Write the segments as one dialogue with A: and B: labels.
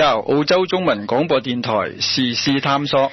A: 澳洲中文廣播電台時事探索。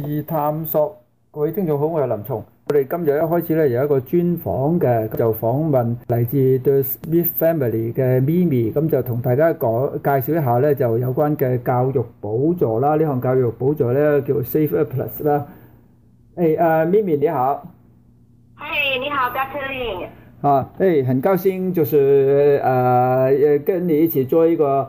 A: 自探索各位聽眾好，我係林松。我哋今日一開始咧有一個專訪嘅，就訪問嚟自 The Smith Family 嘅 Mimi，咁就同大家講介紹一下咧就有關嘅教育補助啦。呢項教育補助咧叫 Saver Plus 啦。誒啊，Mimi 你好。Hey，你好，Dr.
B: Lin。
A: 好，誒，很高興，就是誒，跟你一起做一個。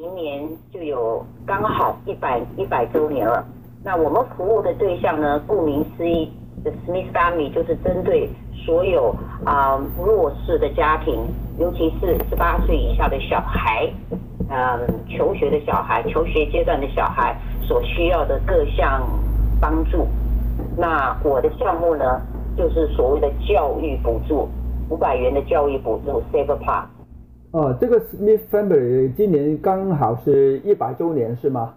C: 明年就有剛好一百一百周年了。那我們服務的對象呢？顧名思義，The Smith Family 就是針對所有啊、呃、弱勢的家庭，尤其是十八歲以下的小孩，嗯、呃，求學的小孩，求學階段的小孩所需要的各項幫助。那我的項目呢，就是所謂的教育補助，五百元的教育補助，Saver Plus。
A: 哦，這個 Smith Family 今年剛好是一百周年，是嗎？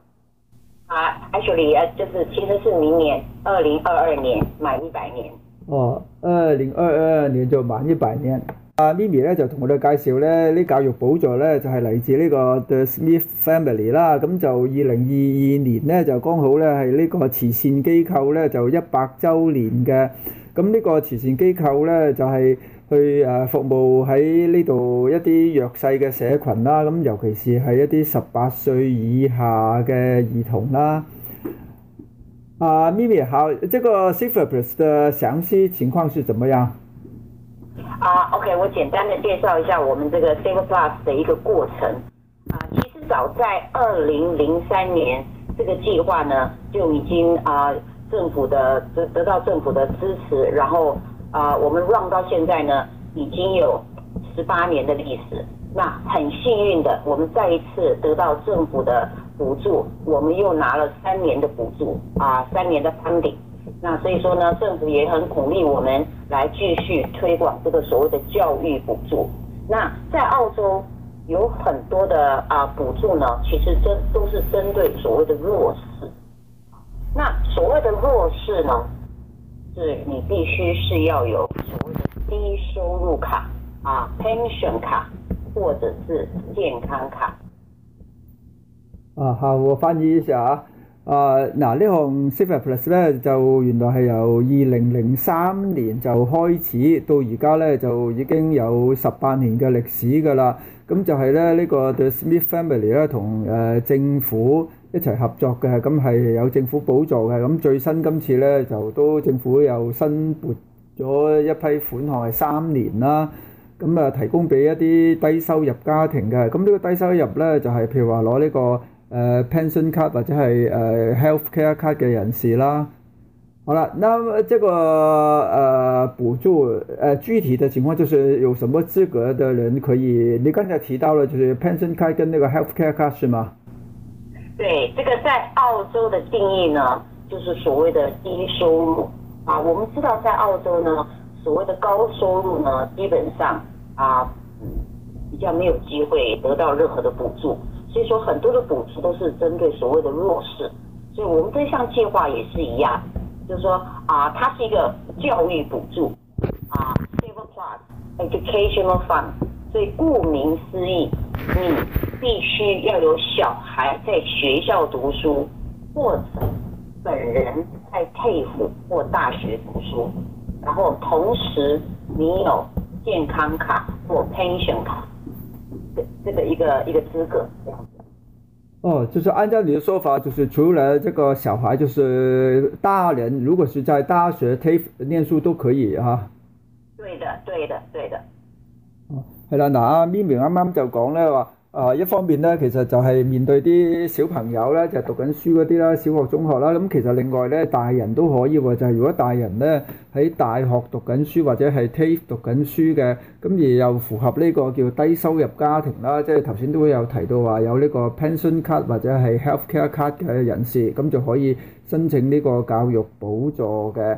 C: 啊，actually，誒，就是，其實是明年
A: 二零二二年滿一百年。哦，二零二二年就滿一百年。啊，Mimi 咧就同我哋介紹咧，呢教育補助咧就係嚟自呢個 The Smith Family 啦。咁就二零二二年咧就剛好咧係呢個慈善機構咧就一百周年嘅。咁呢個慈善機構咧就係。去誒服務喺呢度一啲弱勢嘅社群啦、啊，咁尤其是係一啲十八歲以下嘅兒童啦、啊。啊，Mimi，好，這個 SafePlus 的詳細情況是怎麼樣？
C: 啊、uh,，OK，我簡單地介紹一下我們這個 SafePlus 嘅一個過程。啊，其實早在二零零三年，這個計劃呢就已經啊、uh, 政府的得得到政府的支持，然後。啊、呃，我們 run 到現在呢，已經有十八年的歷史。那很幸運的，我們再一次得到政府的補助，我們又拿了三年的補助啊、呃，三年的 funding。那所以說呢，政府也很鼓勵我們來繼續推廣這個所謂的教育補助。那在澳洲有很多的啊、呃、補助呢，其實針都是針對所謂的弱勢。那所謂的弱勢呢？是
A: 你必須是要有所謂嘅低收入卡啊、pension 卡，或者是健康卡。啊，好、啊，我翻譯一下啊。啊，嗱，呢項 Saver Plus 咧就原來係由二零零三年就開始到而家咧就已經有十八年嘅歷史噶啦。咁就係咧呢、這個 The Smith Family 咧同誒政府。一齊合作嘅，咁係有政府補助嘅。咁最新今次咧，就都政府又新撥咗一批款項係三年啦。咁啊，提供俾一啲低收入家庭嘅。咁呢個低收入咧，就係譬如話攞呢個誒 pension card 或者係誒 health care card 嘅人士啦。好啦，那麼呢個誒補助誒具體嘅情況，就係有什麼資格嘅人可以？你剛才提到啦，就係 pension card 跟呢個 health care card 係嘛？
C: 對，這個在澳洲的定義呢，就是所謂的低收入啊。我們知道在澳洲呢，所謂的高收入呢，基本上啊，比較沒有機會得到任何的補助。所以說很多的補助都是針對所謂的弱勢，所以我們這項計劃也是一樣，就是說啊，它是一個教育補助啊，Stevens Educational Fund。所以顧名思義，你必須要有小孩在學校讀書，或者本人在 TAFE 或大學讀書，然後同時你有健康卡或 Pension 卡的這個一個一個資格這樣
A: 子。哦，就是按照你的說法，就是除了這個小孩，就是大人如果是在大學 TAFE 念書都可以啊。對的，
C: 對的，對的。
A: 係啦，嗱，阿 Mimi 啱啱就講咧話，誒一方面咧，其實就係面對啲小朋友咧，就係、讀緊書嗰啲啦，小學、中學啦，咁其實另外咧，大人都可以喎，就係、係、如果大人咧喺大學讀緊書或者係 TAFE 讀緊書嘅，咁而又符合呢個叫低收入家庭啦，即係頭先都有提到話有呢個 Pension Card 或者係 Healthcare Card 嘅人士，咁就可以申請呢個教育補助嘅。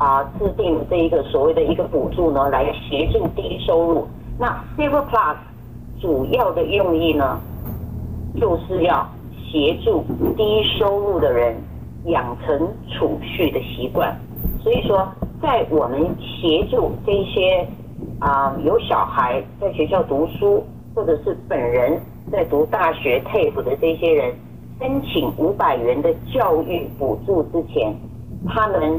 C: 啊、呃，制定這一個所謂的一個補助呢，來協助低收入。那 Saver Plus 主要的用意呢，就是要協助低收入的人養成儲蓄的習慣。所以說，在我們協助這些啊、呃、有小孩在學校讀書，或者是本人在讀大學 TAFE 的這些人申請五百元的教育補助之前，
D: 他們，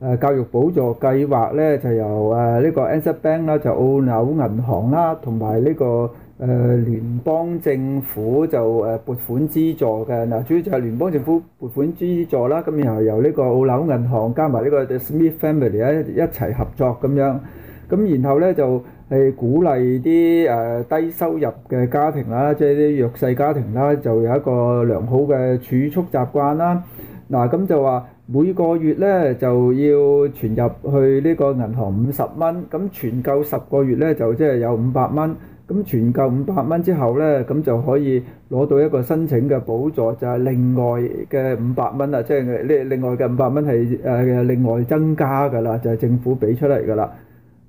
A: 誒教育補助計劃咧，就由誒呢個 ANZ Bank 啦，就澳紐銀行啦，同埋呢個誒聯邦政府就誒撥款資助嘅。嗱，主要就係聯邦政府撥款資助啦，咁然後由呢個澳紐銀行加埋呢個 The Smith Family 咧一齊合作咁樣。咁然後咧就係鼓勵啲誒低收入嘅家庭啦，即係啲弱勢家庭啦，就有一個良好嘅儲蓄習慣啦。嗱，咁就話。每個月咧就要存入去呢個銀行五十蚊，咁存夠十個月咧就即係有五百蚊。咁存夠五百蚊之後咧，咁就可以攞到一個申請嘅補助，就係另外嘅五百蚊啦，即係呢另外嘅五百蚊係誒另外增加㗎啦，就係政府俾出嚟㗎啦。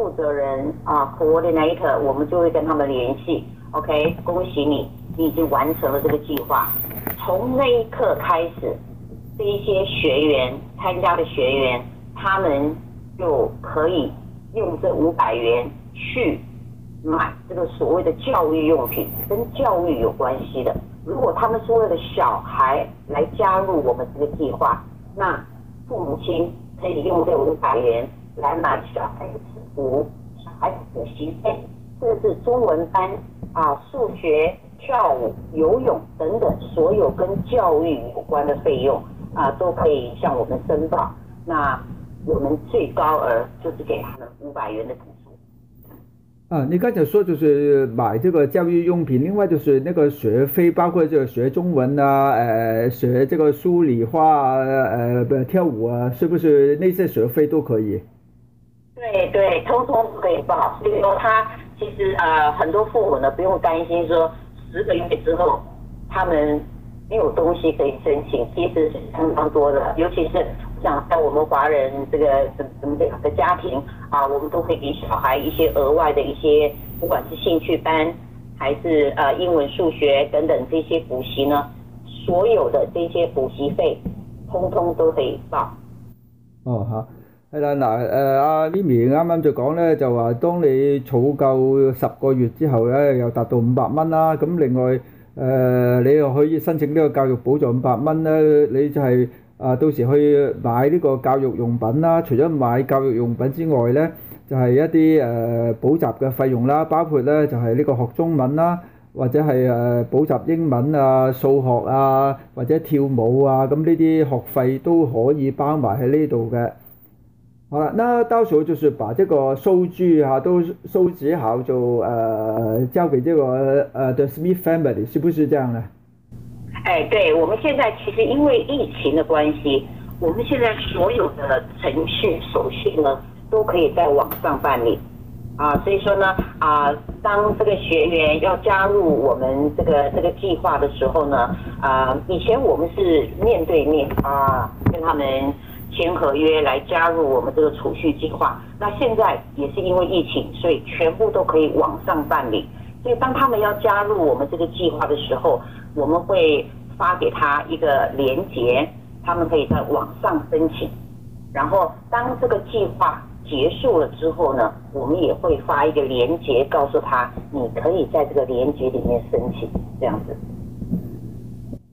C: 負責人啊，coordinator，我們就會跟他們聯繫。OK，恭喜你，你已經完成了這個計劃。從那一刻開始，這一些學員參加的學員，他們就可以用這五百元去買這個所謂的教育用品，跟教育有關係的。如果他們是為了小孩來加入我們這個計劃，那父母親可以用這五百元來買小孩。五，小孩子的學費，這是中文班啊，數學、跳舞、游泳等等，所有跟教育有關的費用
A: 啊，都可以向我們申報。那我們最高額就是給他們五百元的補助。啊，你剛才說就是買這個教育用品，另外就是那個學費，包括這個學中文啊，呃，學這個數理化啊，呃，不跳舞啊，是不是那些學費都可以？
C: 對對，通通可以報。所以說，他其實呃，很多父母呢不用擔心說，十個月之後他們沒有東西可以申請，其實是相當多的。尤其是像在我們華人這個怎怎麼樣的家庭啊、呃，我們都會給小孩一些額外的一些，不管是興趣班還是呃英文、數學等等這些補習呢，所有的這些補習費通通都可以報。
A: 哦，好。係啦，嗱、啊、誒，阿 Mimi 啱啱就講咧，就話當你儲夠十個月之後咧，又達到五百蚊啦。咁另外誒、呃，你又可以申請呢個教育補助五百蚊啦。你就係啊，到時去買呢個教育用品啦。除咗買教育用品之外咧，就係、是、一啲誒補習嘅費用啦，包括咧就係呢個學中文啦，或者係誒補習英文啊、數學啊，或者跳舞啊，咁呢啲學費都可以包埋喺呢度嘅。好了，那到時候就是把這個收據哈、啊、都收集好就，就呃交給這個呃 The Smith Family 是不是這樣呢？哎、
C: 欸，對，我們現在其實因為疫情的關係，我們現在所有的程序手續呢都可以在網上辦理啊。所以說呢啊，當這個學員要加入我們這個這個計劃的時候呢啊，以前我們是面對面啊跟他們。簽合約來加入我們這個儲蓄計劃，那現在也是因為疫情，所以全部都可以網上辦理。所以當他們要加入我們這個計劃的時候，我們會發給他一個鏈接，他們可以在網上申請。然後當這個計劃結束了之後呢，我們也會發一個鏈接告訴他，你可以在這個鏈接裏面申請，這
D: 樣子。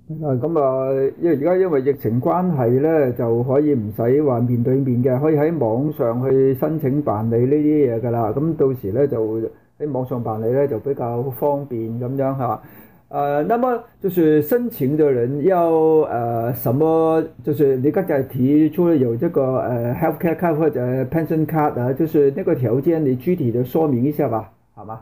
A: 嗱咁啊，因為而家因為疫情關係咧，就可以唔使話面對面嘅，可以喺網上去申請辦理呢啲嘢噶啦。咁到時咧就喺網上辦理咧就比較方便咁樣嚇。誒，那麼就是申請的人要誒什麼？就是你剛才提出有這個誒 healthcare card 或者 pension card 啊，就是那個條件，你具體就說明一下是吧，好嗎？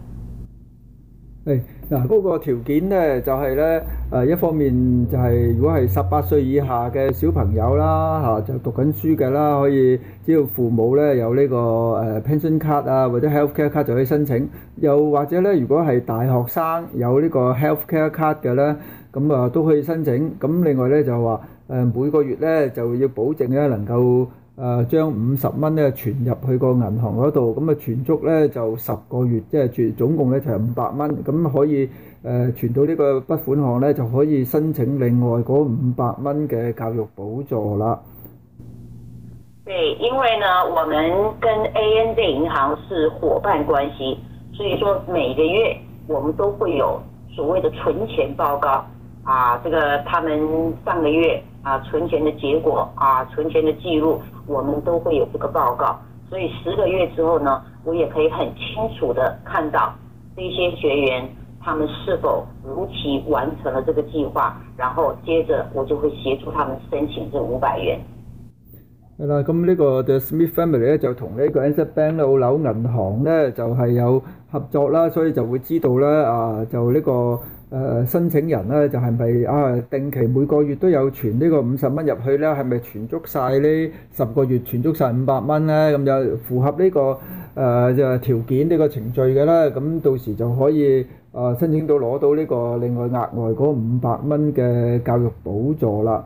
A: 誒，嗱、那、嗰個條件咧就係、是、咧，誒一方面就係、是、如果係十八歲以下嘅小朋友啦，吓就讀緊書嘅啦，可以只要父母咧有呢個誒 Pension Card 啊或者 Healthcare Card 就可以申請。又或者咧，如果係大學生有呢個 Healthcare Card 嘅咧，咁啊都可以申請。咁另外咧就話，誒每個月咧就要保證咧能夠。誒將五十蚊咧存入去個銀行嗰度，咁啊存足咧就十個月，即係存總共咧就係五百蚊，咁可以誒存到呢個筆款項咧就可以申請另外嗰五百蚊嘅教育補助啦。
C: 對，因為呢，我們跟 A N Z 銀行是伙伴關係，所以說每個月我們都會有所謂的存錢報告。啊，這個他們上個月。啊，存錢的結果啊，存錢的記錄，我們都會有這個報告。所以十個月之後呢，我也可以很清楚的看到這些學員他們是否如期完成了這個計劃。然後接着我就會協助他們申請這五百元。
A: 係啦，咁呢個 The Smith Family 咧就同呢個 ANZ Bank 澳紐銀行咧就係、是、有合作啦，所以就會知道啦。啊，就呢、這個。誒、呃、申請人咧就係、係、咪啊定期每個月都有存呢個五十蚊入去咧，係咪存足晒呢十個月，存足晒五百蚊咧？咁就符合呢、呢個誒即係條件呢個程序嘅啦。咁到時就可以誒、呃、申請到攞到呢個另外額外嗰五百蚊嘅教育補助啦。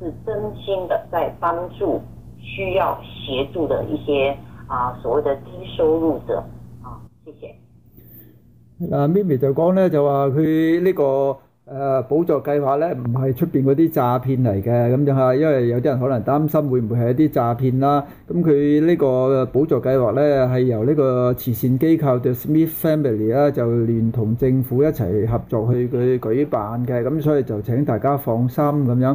D: 是
A: 真心的在幫助需要協助的一些啊所謂的低收入者啊，謝謝。嗱，咪咪就講咧，就話佢呢個誒補助計劃咧，唔係出邊嗰啲詐騙嚟嘅咁就係，因為有啲人可能擔心會唔會係一啲詐騙啦。咁佢呢個補助計劃咧係由呢個慈善機構 The Smith Family 啦，就聯同政府一齊合作去佢舉辦嘅，咁所以就請大家放心咁樣。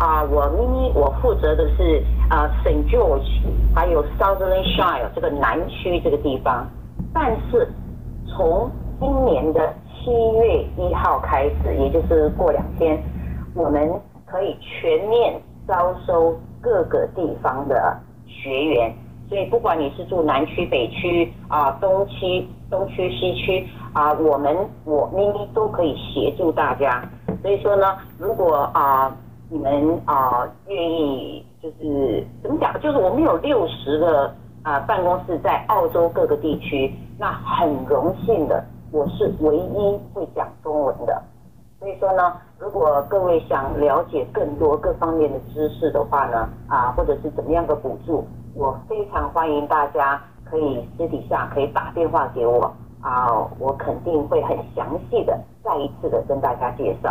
C: 啊，我咪咪我負責的是啊 St George，還有 Sutherland Shire 這個南區這個地方。但是從今年的七月一號開始，也就是過兩天，我們可以全面招收各個地方的學員。所以不管你是住南區、北區啊、東區、東區、西區啊，我們我咪咪都可以協助大家。所以說呢，如果啊。你們啊，願意、呃、就是怎麼講？就是我們有六十個啊、呃、辦公室在澳洲各個地區，那很榮幸的，我是唯一會講中文的。所以說呢，如果各位想了解更多各方面的知識的話呢，啊、呃，或者是怎麼樣的補助，我非常歡迎大家可以私底下可以打電話給我啊、呃，我肯定會很詳細的再一次的跟大家介紹。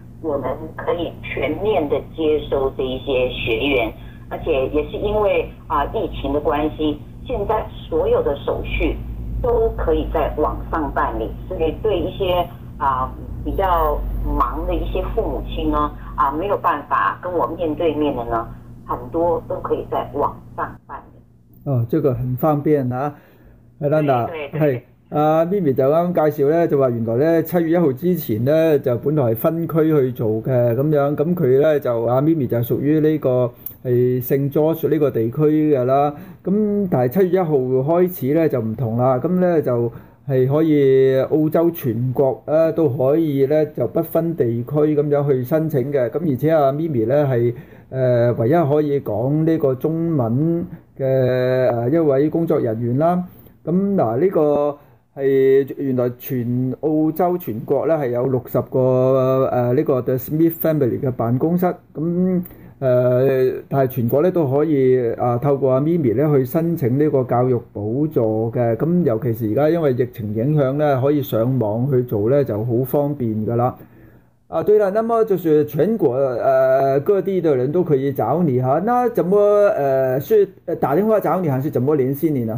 C: 我們可以全面的接收這一些學員，而且也是因為啊、呃、疫情的關係，現在所有的手續都可以在網上辦理，所以對一些啊、呃、比較忙的一些父母親呢，啊、呃、沒有辦法跟我面對面的呢，很多都可以在網
D: 上
A: 辦理。哦，這個很方便啊，海蘭達，對對。對哎阿咪咪就啱啱介紹咧，就話原來咧七月一號之前咧就本來係分區去做嘅咁樣，咁佢咧就阿咪咪就係屬於呢個係聖 George 呢個地區嘅啦。咁但係七月一號開始咧就唔同啦，咁咧就係可以澳洲全國啊都可以咧就不分地區咁樣去申請嘅。咁而且阿咪咪咧係誒唯一可以講呢個中文嘅誒一位工作人員啦。咁嗱呢個，係原來全澳洲全國咧係有六十個誒呢、呃這個 The Smith Family 嘅辦公室，咁、嗯、誒、呃、但係全國咧都可以啊透過阿 Mimi 咧去申請呢個教育補助嘅，咁、嗯、尤其是而家因為疫情影響咧，可以上網去做咧就好方便㗎喇。啊對啦，那麼就是全國誒啲、呃、各地的人都可以找你嚇，那怎麼誒是、呃、打電話找你，還是怎麼聯繫你呢？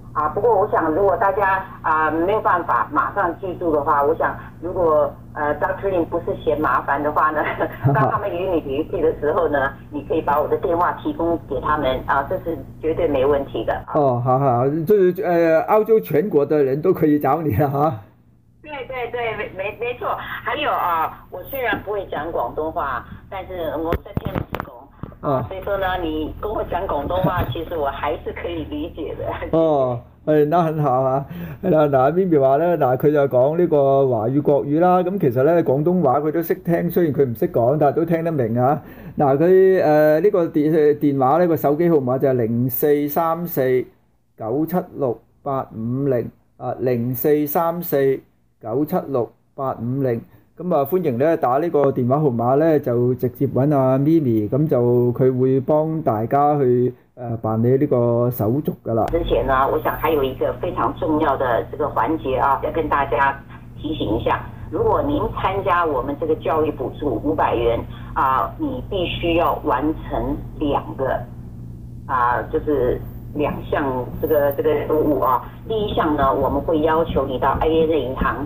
C: 啊，不過我想，如果大家啊、呃、沒有辦法馬上記住的話，我想如果呃張志玲不是嫌麻煩的話呢，當他們與你聯繫的時候呢，你可以把我的電話提供給他們啊，這是絕對沒問題的。
A: 哦，好好，這、就是呃澳洲全國的人都可以找你了哈、
C: 啊。對對對，沒沒沒錯，還有啊，我雖然不會講廣東話，但是我昨天。啊，所
A: 以說呢，你跟我講廣東話，其實我還是可以理解的。哦，哎，那很好啊。那那邊咪話咧，那、啊、佢就講呢個華語國語啦。咁、啊、其實呢，廣東話佢都識聽，雖然佢唔識講，但係都聽得明啊。嗱、啊，佢誒、呢、呃這個電電話咧，呢個手機號碼就係零四三四九七六八五零啊，零四三四九七六八五零。咁啊，歡迎咧打呢個電話號碼咧，就直接揾阿 Mimi，咁就佢會幫大家去誒辦理呢個手續噶啦。之
D: 前
C: 呢，我想還有一個非常重要的這個環節啊，要跟大家提醒一下。如果您參加我們這個教育補助五百元啊，你必須要完成兩個啊，就是兩項這個這個任務啊。第一項呢，我們會要求你到 ANZ 銀行。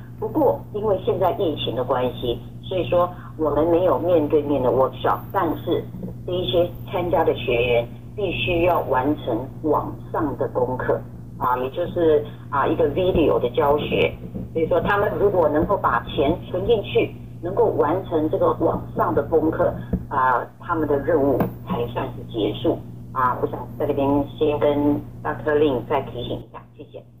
C: 不過，因為現在疫情的關係，所以說我們沒有面對面的 workshop，但是這一些參加的學員必須要完成網上的功課，啊，也就是啊一個 video 的教學，所以說他們如果能夠把錢存進去，能夠完成這個網上的功課，啊，他們的任務才算是結束。啊，我想在這邊先跟 Dr. Lin 再提醒一下，謝謝。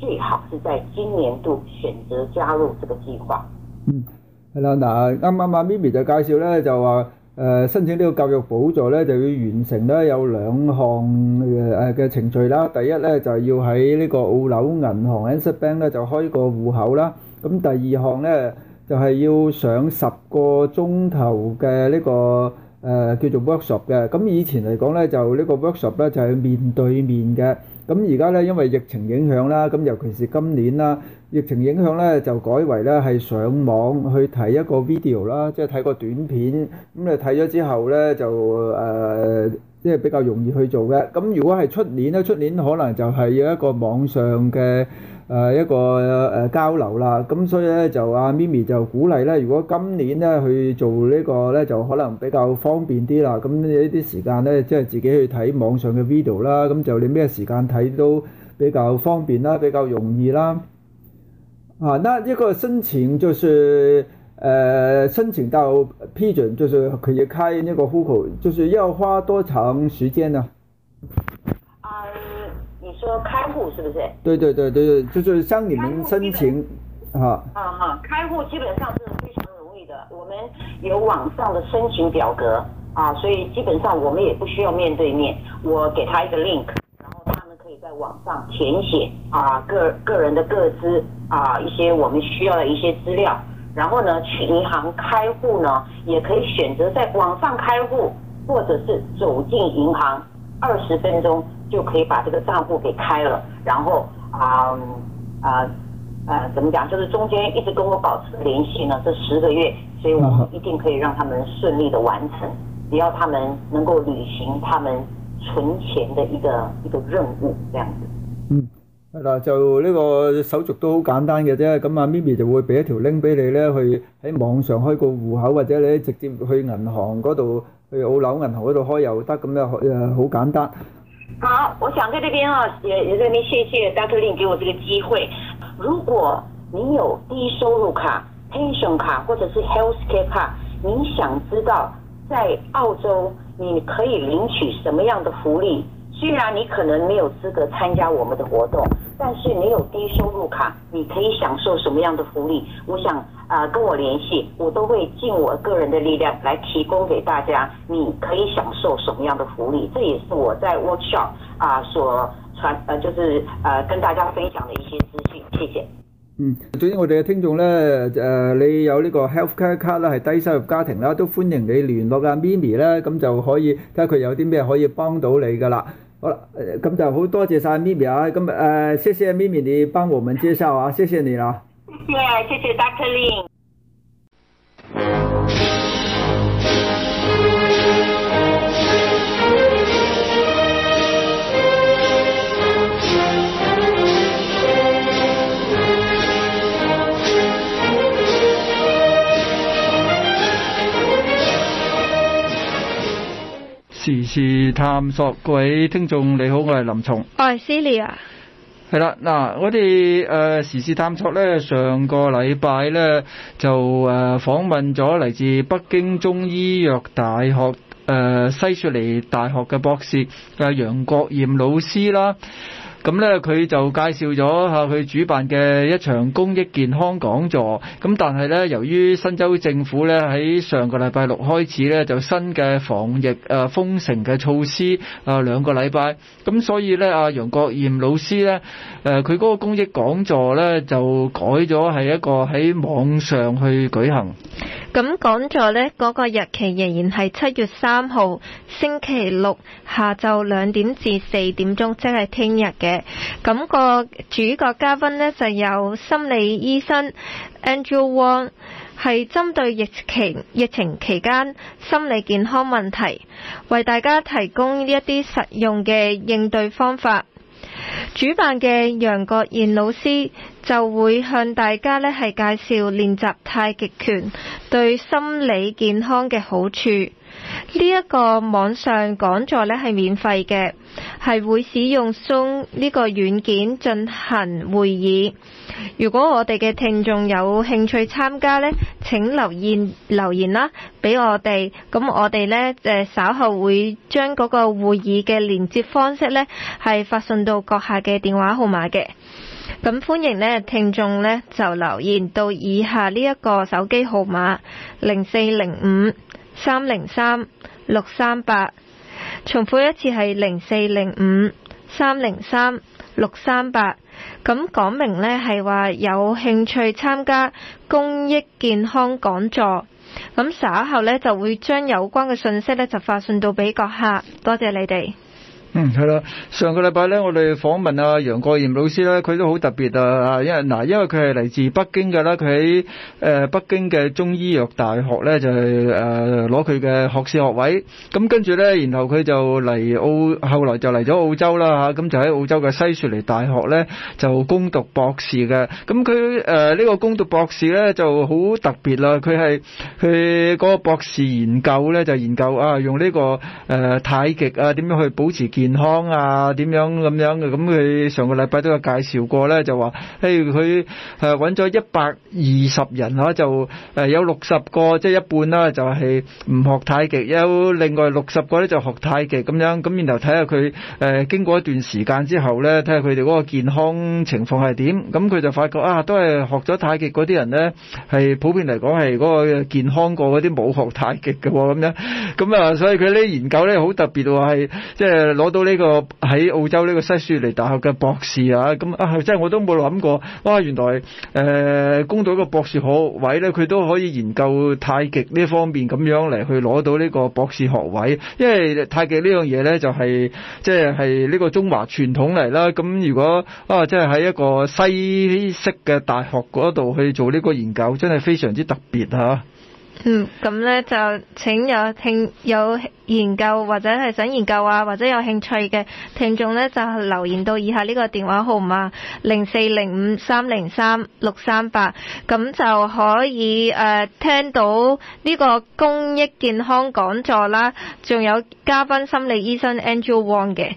C: 最好是
A: 在今年度選擇加入這個計劃。嗯，係啦，嗱，啱啱阿咪咪就介紹咧，就話誒申請呢個教育補助咧，就要完成咧有兩項誒嘅程序啦。第一咧就係要喺呢個澳紐銀行 （ANZ Bank） 咧就開個戶口啦。咁第二項咧就係要上十個鐘頭嘅呢個誒叫做 workshop 嘅。咁以前嚟講咧，就呢個 workshop 咧就係面對面嘅。咁而家咧，因為疫情影響啦，咁尤其是今年啦，疫情影響咧，就改為咧係上網去睇一個 video 啦，即係睇個短片。咁你睇咗之後咧，就誒即係比較容易去做嘅。咁如果係出年咧，出年可能就係有一個網上嘅。誒一個誒交流啦，咁所以咧就阿咪咪就鼓勵咧，如果今年咧去做呢個咧，就可能比較方便啲啦。咁呢啲時間咧，即、就、係、是、自己去睇網上嘅 video 啦，咁就你咩時間睇都比較方便啦，比較容易啦。啊，嗱一個申請就是誒、呃、申請到批准，就是佢要開呢個戶口，就是要花多長時間呢？
C: 開戶是不是？
A: 對對對對對，就是向你們申請，啊，啊哈，開戶基本上是非常容易的。我
C: 們有網上的申請表格啊，所以基本上我們也不需要面對面。我給他一個 link，然後他們可以在網上填寫啊，個個人的個資啊，一些我們需要的一些資料。然後呢，去銀行開戶呢，也可以選擇在網上開戶，或者是走進銀行。二十分鐘就可以把這個賬戶給開了，然後啊啊啊怎麼講？就是中間一直跟我保持聯繫呢，這十個月，所以我們一定可以讓他們順利的完成，只要他們能夠履行他們存錢的
A: 一個一個任務這樣子。嗯，嗱，就呢個手續都好簡單嘅啫，咁啊，咪咪就會俾一條 link 俾你咧，去喺網上開個戶口，或者你直接去銀行嗰度。去澳樓銀行嗰度開又得，咁樣好簡單。
C: 好，我想喺呢邊啊，也喺呢邊謝謝 Doctor Lin 給我這個機會。如果你有低收入卡、pension 卡或者是 healthcare 卡，你想知道在澳洲你可以領取什麼樣的福利？雖然你可能沒有資格參加我們的活動，但是你有低收入卡，你可以享受什麼樣的福利？我想啊，跟我聯繫，我都會盡我個人的力量來提供給大家，你可以享受什麼樣的福利？這也是我在 workshop 啊所傳，呃，就是呃跟大家分享的一些資訊。謝
A: 謝。嗯，總之我哋嘅聽眾呢，誒、呃，你有呢個 healthcare 卡咧，係低收入家庭啦，都歡迎你聯絡啦，Mimi 啦，咁就可以睇下佢有啲咩可以幫到你噶啦。好啦，咁就好多謝晒咪咪啊！咁、嗯、誒、嗯，謝謝咪咪你幫我們介紹啊，謝謝你啦！Yeah, 謝謝 Lin，
C: 謝謝 Dr. Lin。
A: 時事探索，各位聽眾你好，我係林松，oh，我係 Celia，係啦，嗱我哋誒時事探索呢，上個禮拜呢，就誒訪問咗嚟自北京中醫藥大學誒、呃、西雪梨大學嘅博士誒楊國艷老師啦。咁呢，佢就介紹咗佢主辦嘅一場公益健康講座。咁但係呢，由於新州政府呢喺上個禮拜六開始呢，就新嘅防疫誒封城嘅措施啊，兩個禮拜，咁所以呢，阿楊國賢老師呢，佢嗰個公益講座呢，就改咗係一個喺網上去舉行。
E: 咁講座呢，嗰、嗰個日期仍然係七月三號星期六下晝兩點至四點鐘，即係聽日嘅。咁、那個主角嘉賓呢，就有心理醫生 Angel Wong，係針對疫情疫情期間心理健康問題，為大家提供一啲實用嘅應對方法。主辦嘅楊國賢老師就會向大家呢係介紹練習太極拳對心理健康嘅好處。呢一個網上講座咧，係免費嘅，係會使用 Zoom 呢個軟件進行會議。如果我哋嘅聽眾有興趣參加呢，請留言留言啦，俾我哋。咁我哋呢，誒稍後會將嗰個會議嘅連接方式咧，係發送到閣下嘅電話號碼嘅。咁歡迎咧聽眾咧就留言到以下呢一個手機號碼零四零五，三零三六三八，重複一次係零四零五三零三六三八，咁講明呢係話有興趣參加公益健康講座，咁稍後呢就會將有關嘅信息呢就發信到俾各客。多謝你哋。
A: 嗯，係啦。上個禮拜咧，我哋訪問阿楊國賢老師咧，佢都好特別啊！因為嗱，因為佢係嚟自北京嘅啦，佢喺誒北京嘅中醫藥大學咧就係誒攞佢嘅學士學位。咁跟住咧，然後佢就嚟澳，後來就嚟咗澳洲啦吓，咁、啊、就喺澳洲嘅西雪梨大學咧就攻讀博士嘅。咁佢誒呢個攻讀博士咧就好特別啦、啊，佢係佢嗰個博士研究咧就研究啊用呢、這個誒、呃、太極啊點樣去保持健康健康啊，點樣咁樣嘅？咁佢上個禮拜都有介紹過咧，就話，譬如佢誒揾咗一百二十人嚇，就誒有六十個即係一半啦，就係唔學太極，有另外六十個咧就學太極咁樣。咁然後睇下佢誒經過一段時間之後咧，睇下佢哋嗰個健康情況係點。咁佢就發覺啊，都係學咗太極嗰啲人咧，係普遍嚟講係嗰個健康過嗰啲冇學太極嘅喎。咁樣，咁啊，所以佢呢啲研究咧好特別，話係即係攞。到呢個喺澳洲呢個西悉尼大學嘅博士啊，咁啊即係我都冇諗過哇、啊！原來誒攻、呃、到一個博士學位咧，佢都可以研究太極呢方面咁樣嚟去攞到呢個博士學位，因為太極呢樣嘢咧就係即係呢個中華傳統嚟啦。咁如果啊，即係喺一個西式嘅大學嗰度去做呢個研究，真係非常之特別嚇。啊
E: 嗯，咁咧就請有聽有研究或者係想研究啊，或者有興趣嘅聽眾咧，就留言到以下呢個電話號碼零四零五三零三六三八，咁就可以誒、呃、聽到呢個公益健康講座啦，仲有嘉賓心理醫生 Angela Wong 嘅。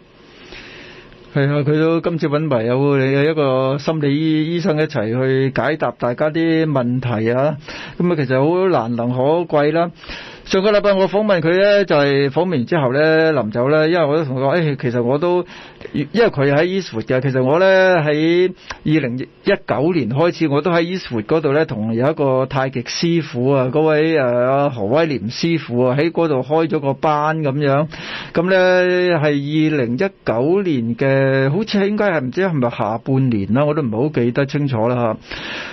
A: 係啊，佢都今次揾埋有你嘅一個心理醫醫生一齊去解答大家啲問題啊，咁啊其實好難能可貴啦。上個禮拜我訪問佢咧，就係、是、訪問完之後咧，臨走咧，因為我都同佢講，誒、哎，其實我都，因為佢喺 Eastwood 嘅，其實我咧喺二零一九年開始，我都喺 Eastwood 度咧，同有一個太極師傅啊，嗰位誒、呃、何威廉師傅啊，喺嗰度開咗個班咁樣，咁咧係二零一九年嘅，好似應該係唔知係咪下半年啦，我都唔係好記得清楚啦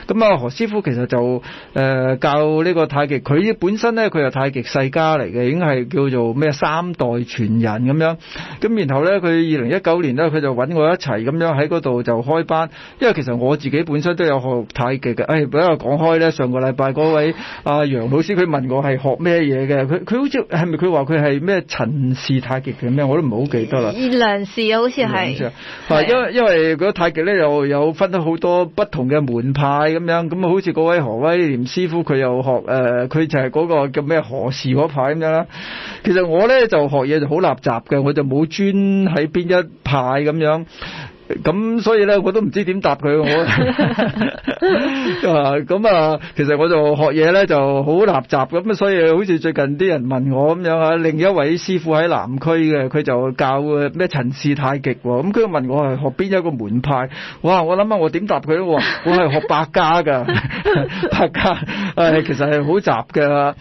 A: 嚇。咁啊何師傅其實就誒、呃、教呢個太極，佢本身咧佢又太極。世家嚟嘅，已經係叫做咩三代傳人咁樣。咁然後咧，佢二零一九年咧，佢就揾我一齊咁樣喺嗰度就開班。因為其實我自己本身都有學太極嘅。誒、哎，不經又講開咧，上個禮拜嗰位阿、啊、楊老師，佢問我係學咩嘢嘅。佢佢好似係咪佢話佢係咩陳氏太極嘅咩？我都唔好記得啦。
E: 二梁氏好似係。
A: 因為因為嗰太極咧又有分得好多不同嘅門派咁樣。咁啊好似嗰位何威廉師傅，佢又學誒，佢、呃、就係嗰個叫咩何？時嗰派咁樣啦，其實我咧就學嘢就好垃圾嘅，我就冇專喺邊一派咁樣，咁所以咧我都唔知點答佢。我咁啊，其實我就學嘢咧就好垃圾咁啊，所以好似最近啲人問我咁樣啊，另一位師傅喺南區嘅，佢就教嘅咩陳氏太極喎，咁佢問我係學邊一個門派，哇，我諗下，我點答佢囉？我係學百家噶，百家，誒，其實係好雜嘅。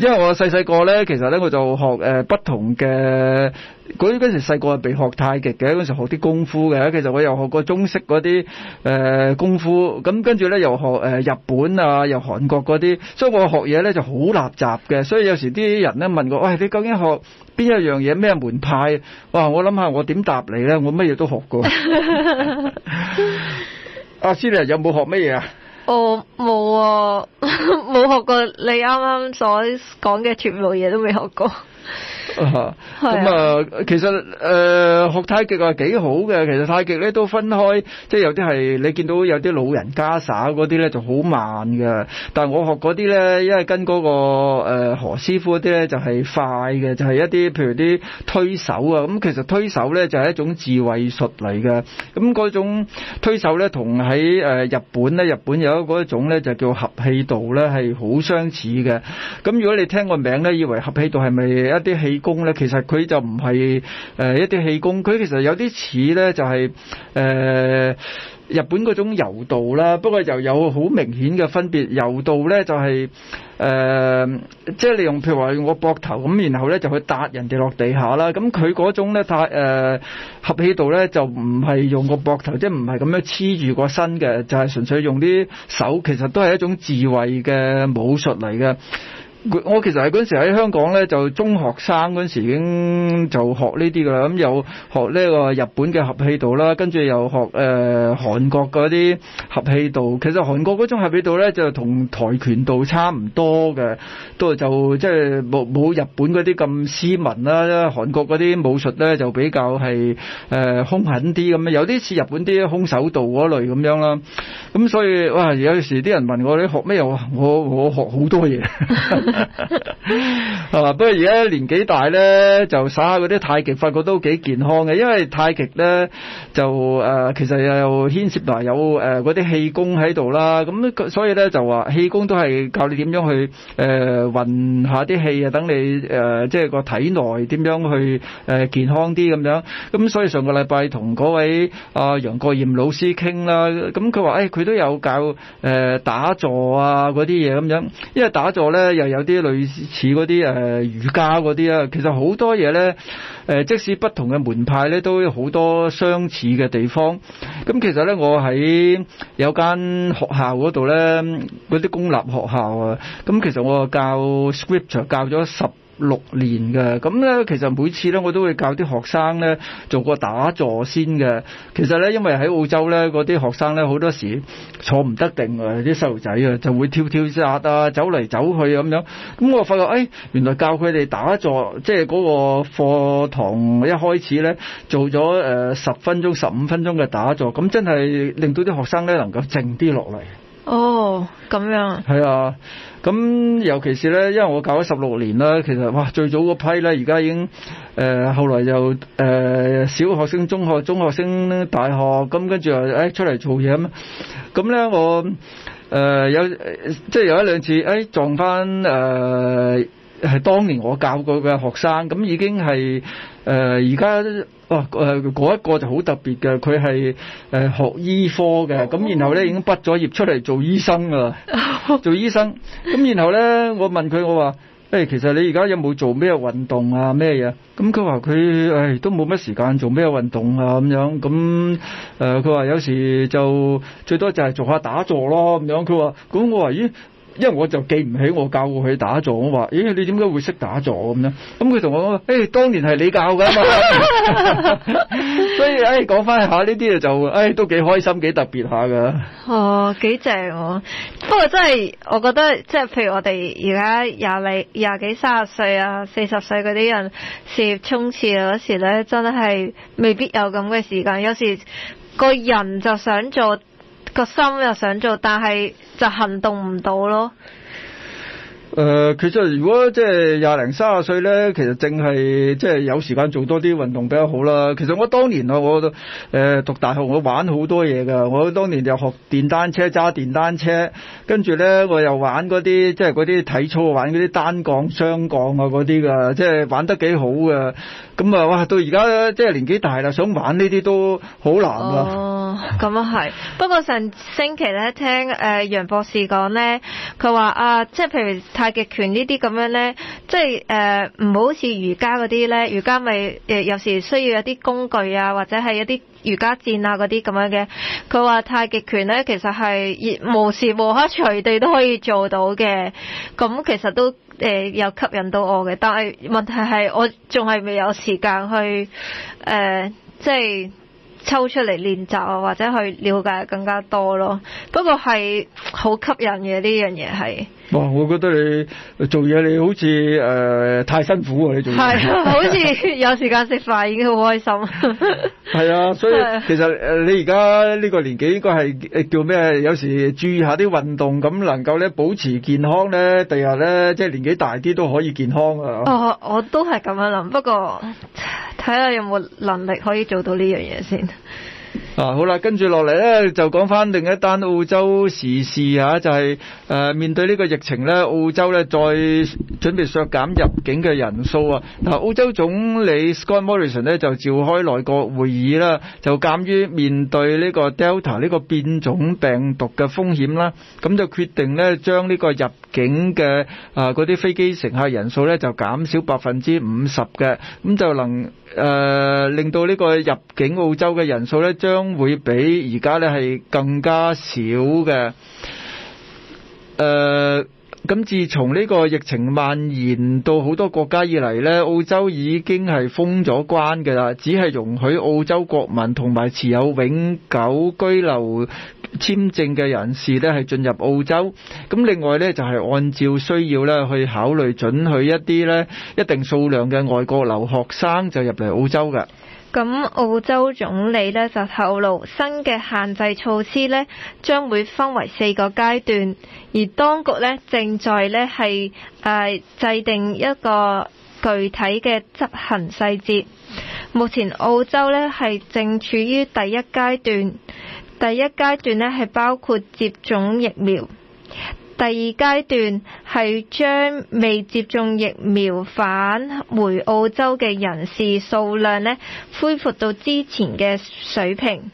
A: 因為我細細個咧，其實咧我就學、呃、不同嘅嗰啲，嗰時細個係學太極嘅，嗰時學啲功夫嘅。其實我又學過中式嗰啲誒功夫，咁跟住咧又學、呃、日本啊，又韓國嗰啲。所以我學嘢咧就好垃雜嘅，所以有時啲人咧問我，喂、哎，你究竟學邊一樣嘢？咩門派？哇！我諗下我點答你咧？我乜嘢都學過。阿師咧有冇學乜嘢啊？ 啊 啊 啊有
E: 哦，冇啊，冇學過，你啱啱所講嘅全部嘢都未學過。
A: 咁啊，是啊、嗯嗯嗯，其實誒、呃、學太極啊幾好嘅，其實太極咧都分開，即係有啲係你見到有啲老人家耍啲咧就好慢嘅，但係我學啲咧，因為跟、那個誒、呃、何師傅啲咧就係快嘅，就係、是就是、一啲譬如啲推手啊，咁、嗯、其實推手咧就係、是、一種智慧術嚟嘅，咁、嗯、種推手咧同喺誒日本咧，日本有一種咧就叫合氣道咧係好相似嘅，咁、嗯、如果你聽個名咧以為合氣道係咪一啲氣功咧，其實佢就唔係誒一啲氣功，佢其實有啲似咧就係、是、誒、呃、日本嗰種柔道啦。不過又有好明顯嘅分別，柔道咧就係、是、誒、呃、即係你用譬如話用個膊頭咁，然後咧就去搭人哋落地下啦。咁佢嗰種咧搭誒合氣度咧就唔係用個膊頭，即係唔係咁樣黐住個身嘅，就係純、就是就是、粹用啲手。其實都係一種智慧嘅武術嚟嘅。我其實喺嗰陣時喺香港咧，就中學生嗰陣時已經就學呢啲噶啦。咁有學呢個日本嘅合氣道啦，跟住又學誒韓國嗰啲合氣道。其實韓國嗰種合氣道咧，就同跆拳道差唔多嘅，都就即係冇冇日本嗰啲咁斯文啦。韓國嗰啲武術咧就比較係誒兇狠啲咁啊。有啲似日本啲空手道嗰類咁樣啦。咁所以哇，有時啲人問我你學咩？我我我學好多嘢。 係嘛？不過而家年紀大咧，就耍下嗰啲太極，發覺都幾健康嘅。因為太極咧就誒，其實又牽涉到有誒嗰啲氣功喺度啦。咁所以咧就話氣功都係教你點樣去誒運下啲氣啊，等你誒即係個體內點樣去誒健康啲咁樣。咁所以上個禮拜同嗰位阿楊國彥老師傾啦，咁佢話誒佢都有教誒打坐啊嗰啲嘢咁樣，因為打坐咧又有。啲類似嗰啲誒瑜伽嗰啲啊，其實好多嘢咧、呃、即使不同嘅門派咧，都有好多相似嘅地方。咁其實咧，我喺有間學校嗰度咧，嗰啲公立學校啊，咁其實我教 scripture 教咗十六年嘅，咁呢，其實每次呢，我都會教啲學生呢做個打坐先嘅。其實呢，因為喺澳洲呢，嗰啲學生呢好多時坐唔得定啊，啲細路仔啊就會跳跳紮啊，走嚟走去咁樣。咁我發覺誒，哎、原來教佢哋打坐，即係嗰個課堂一開始呢，做咗誒十分鐘、十五分鐘嘅打坐，咁真係令到啲學生呢能夠靜啲落嚟。
E: 哦，咁樣
A: 係啊！咁尤其是咧，因為我教咗十六年啦，其實哇，最早嗰批咧，而家已經誒、呃，後來又誒、呃，小學生、中學、中學生、大學，咁跟住又誒、哎、出嚟做嘢吖嘛。咁咧、嗯，我誒、呃、有即係有一兩次誒撞返誒，係、哎呃、當年我教過嘅學生，咁、嗯、已經係誒而家。呃哇、哦！嗰一個就好特別嘅，佢係、呃、學醫科嘅，咁然後咧已經畢咗業出嚟做醫生噶啦，做醫生。咁然後咧，我問佢我話、欸，其實你而家有冇做咩運動啊？咩嘢？咁佢話佢誒都冇乜時間做咩運動啊咁樣。咁誒佢話有時就最多就係做下打坐咯咁樣。佢話，咁我話咦？因為我就記唔起我教過佢打坐，我話，咦，你點解會識打坐咁樣？咁佢同我講，誒、哎，當年係你教㗎嘛。 所以誒，講、哎、翻下呢啲嘢，就誒、哎、都幾開心，幾特別下㗎。哦，
E: 幾正喎！不過真係，我覺得即係譬如我哋而家廿嚟、廿幾、三十歲啊、四十歲嗰啲人事業衝刺嗰時咧，真係未必有咁嘅時間。有時個人就想做。個心又想做，但係就行動唔到咯。
A: 誒、呃，其實如果即係廿零三十歲咧，其實淨係即係有時間做多啲運動比較好啦。其實我當年啊，我誒、呃、讀大學，我玩好多嘢噶。我當年就學電單車，揸電單車，跟住咧我又玩嗰啲即係嗰啲體操，玩嗰啲單槓、雙槓啊嗰啲噶，即係玩得幾好噶。咁啊，哇！到而家即係年紀大啦，想玩呢啲都好難啊。哦
E: 哦，咁啊係。不過上星期咧，聽誒楊、呃、博士講咧，佢話啊，即係譬如太極拳呢啲咁樣咧，即係誒唔好似瑜伽嗰啲咧，瑜伽咪誒有時需要一啲工具啊，或者係一啲瑜伽墊啊嗰啲咁樣嘅。佢話太極拳咧，其實係無時無刻隨地都可以做到嘅，咁其實都誒有吸引到我嘅。但係問題係我仲係未有時間去誒、呃，即係。抽出嚟練習，啊，或者去了解更加多咯。不過，係好吸引嘅呢樣嘢係。這個
A: 哇！我覺得你做嘢你好似誒、呃、太辛苦喎，你做係、啊，好似
E: 有時間食飯已經好開心。
A: 係 啊，所以其實誒你而家呢個年紀應該係誒叫咩？有時注意下啲運動，咁能夠咧保持健康咧，第日咧即係年紀大啲都可以健康啊、哦！我
E: 我都係咁樣諗，不過睇下有冇能力可以做到呢樣嘢先。
A: 啊，好啦，跟住落嚟咧，就講翻另一單澳洲時事吓、啊，就係、是、誒、呃、面對呢個疫情咧，澳洲咧再準備削減入境嘅人數啊。嗱、啊，澳洲總理 Scott Morrison 咧就召開內閣會議啦，就鑒於面對呢個 Delta 呢個變種病毒嘅風險啦，咁就決定咧將呢將個入境嘅啊嗰啲飛機乘客人數咧就減少百分之五十嘅，咁就能。誒、呃、令到呢個入境澳洲嘅人數呢，將會比而家呢係更加少嘅。誒、呃、咁自從呢個疫情蔓延到好多國家以嚟呢，澳洲已經係封咗關嘅啦，只係容許澳洲國民同埋持有永久居留簽證嘅人士呢係進入澳洲，咁另外呢，就係按照需要呢去考慮准許一啲呢一定數量嘅外國留學生就入嚟澳洲㗎。
E: 咁澳洲總理呢就透露，新嘅限制措施呢將會分為四個階段，而當局呢正在呢係誒制定一個具體嘅執行細節。目前澳洲呢係正處於第一階段。第一階段呢，係包括接種疫苗，第二階段係將未接種疫苗返回澳洲嘅人士數量呢，恢復到之前嘅水平，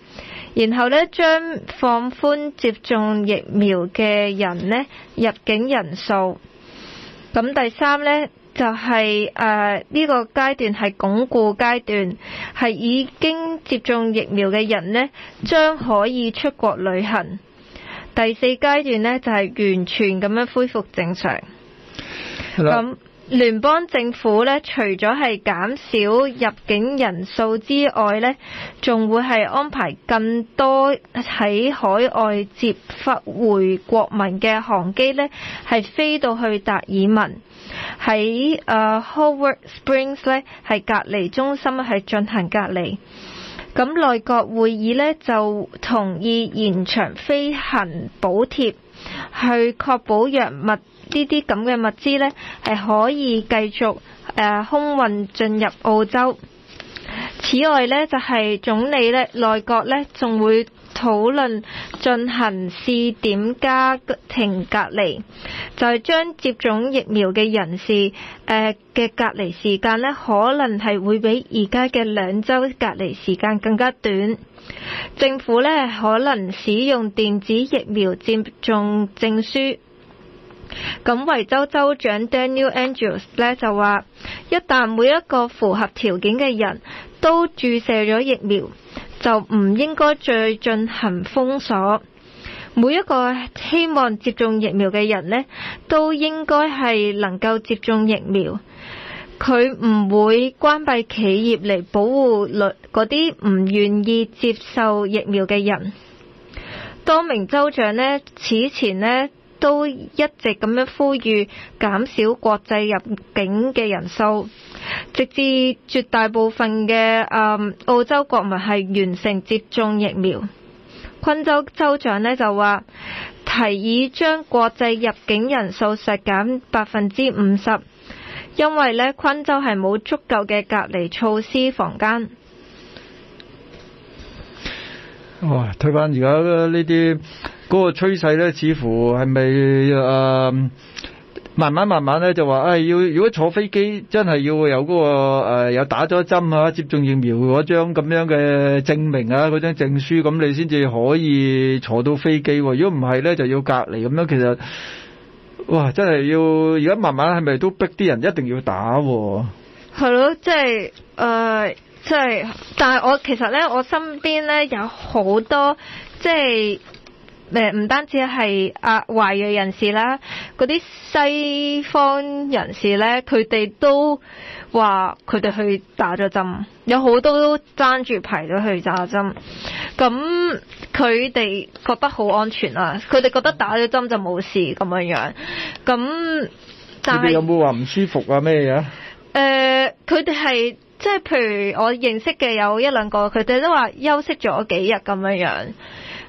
E: 然後呢，將放寬接種疫苗嘅人呢入境人數，咁第三呢。就係誒呢個階段係鞏固階段，係已經接種疫苗嘅人呢將可以出國旅行。第四階段呢就係完全咁樣恢復正常。咁聯邦政府呢，除咗係減少入境人數之外呢，仲會係安排更多喺海外接返回國民嘅航機呢，係飛到去達爾文。喺誒 Howard Springs 咧，係隔離中心係進行隔離。咁內閣會議呢，就同意延長飛行補貼，去確保藥物呢啲咁嘅物資呢係可以繼續誒空運進入澳洲。此外呢，就係總理呢，內閣呢，仲會。討論進行試點家庭隔離，就係、是、將接種疫苗嘅人士，誒、呃、嘅隔離時間呢可能係會比而家嘅兩週隔離時間更加短。政府呢可能使用電子疫苗接種證書。咁維州州長 Daniel Andrews 呢就話：一旦每一個符合條件嘅人都注射咗疫苗。就唔應該再進行封鎖。每一個希望接種疫苗嘅人呢，都應該係能夠接種疫苗。佢唔會關閉企業嚟保護嗰啲唔願意接受疫苗嘅人。多名州長呢，此前呢，都一直咁樣呼籲減少國際入境嘅人數。直至絕大部分嘅、嗯、澳洲國民係完成接種疫苗，昆州州長呢就話提議將國際入境人數削減百分之五十，因為咧昆州係冇足夠嘅隔離措施房間。
A: 哇、哦！推翻而家呢啲嗰個趨勢呢，似乎係咪誒？嗯慢慢慢慢咧，就、哎、話要如果坐飛機真係要有嗰、那個誒，有、呃、打咗針啊，接種疫苗嗰張咁樣嘅證明啊，嗰張證書，咁你先至可以坐到飛機。如果唔係咧，就要隔離咁樣。其實，哇，真係要而家慢慢係咪都逼啲人一定要打、啊？係
E: 咯，即係誒，即、呃、係、就是，但係我其實咧，我身邊咧有好多即係。就是誒唔單止係啊，華裔人士啦，嗰啲西方人士咧，佢哋都話佢哋去打咗針，有好多都爭住排咗去打針。咁佢哋覺得好安全啊，佢哋覺得打咗針就冇事咁樣樣。咁佢哋有
A: 冇話唔舒服啊？咩嘢？呃，
E: 佢哋係即係譬如我認識嘅有一兩個，佢哋都話休息咗幾日咁樣樣。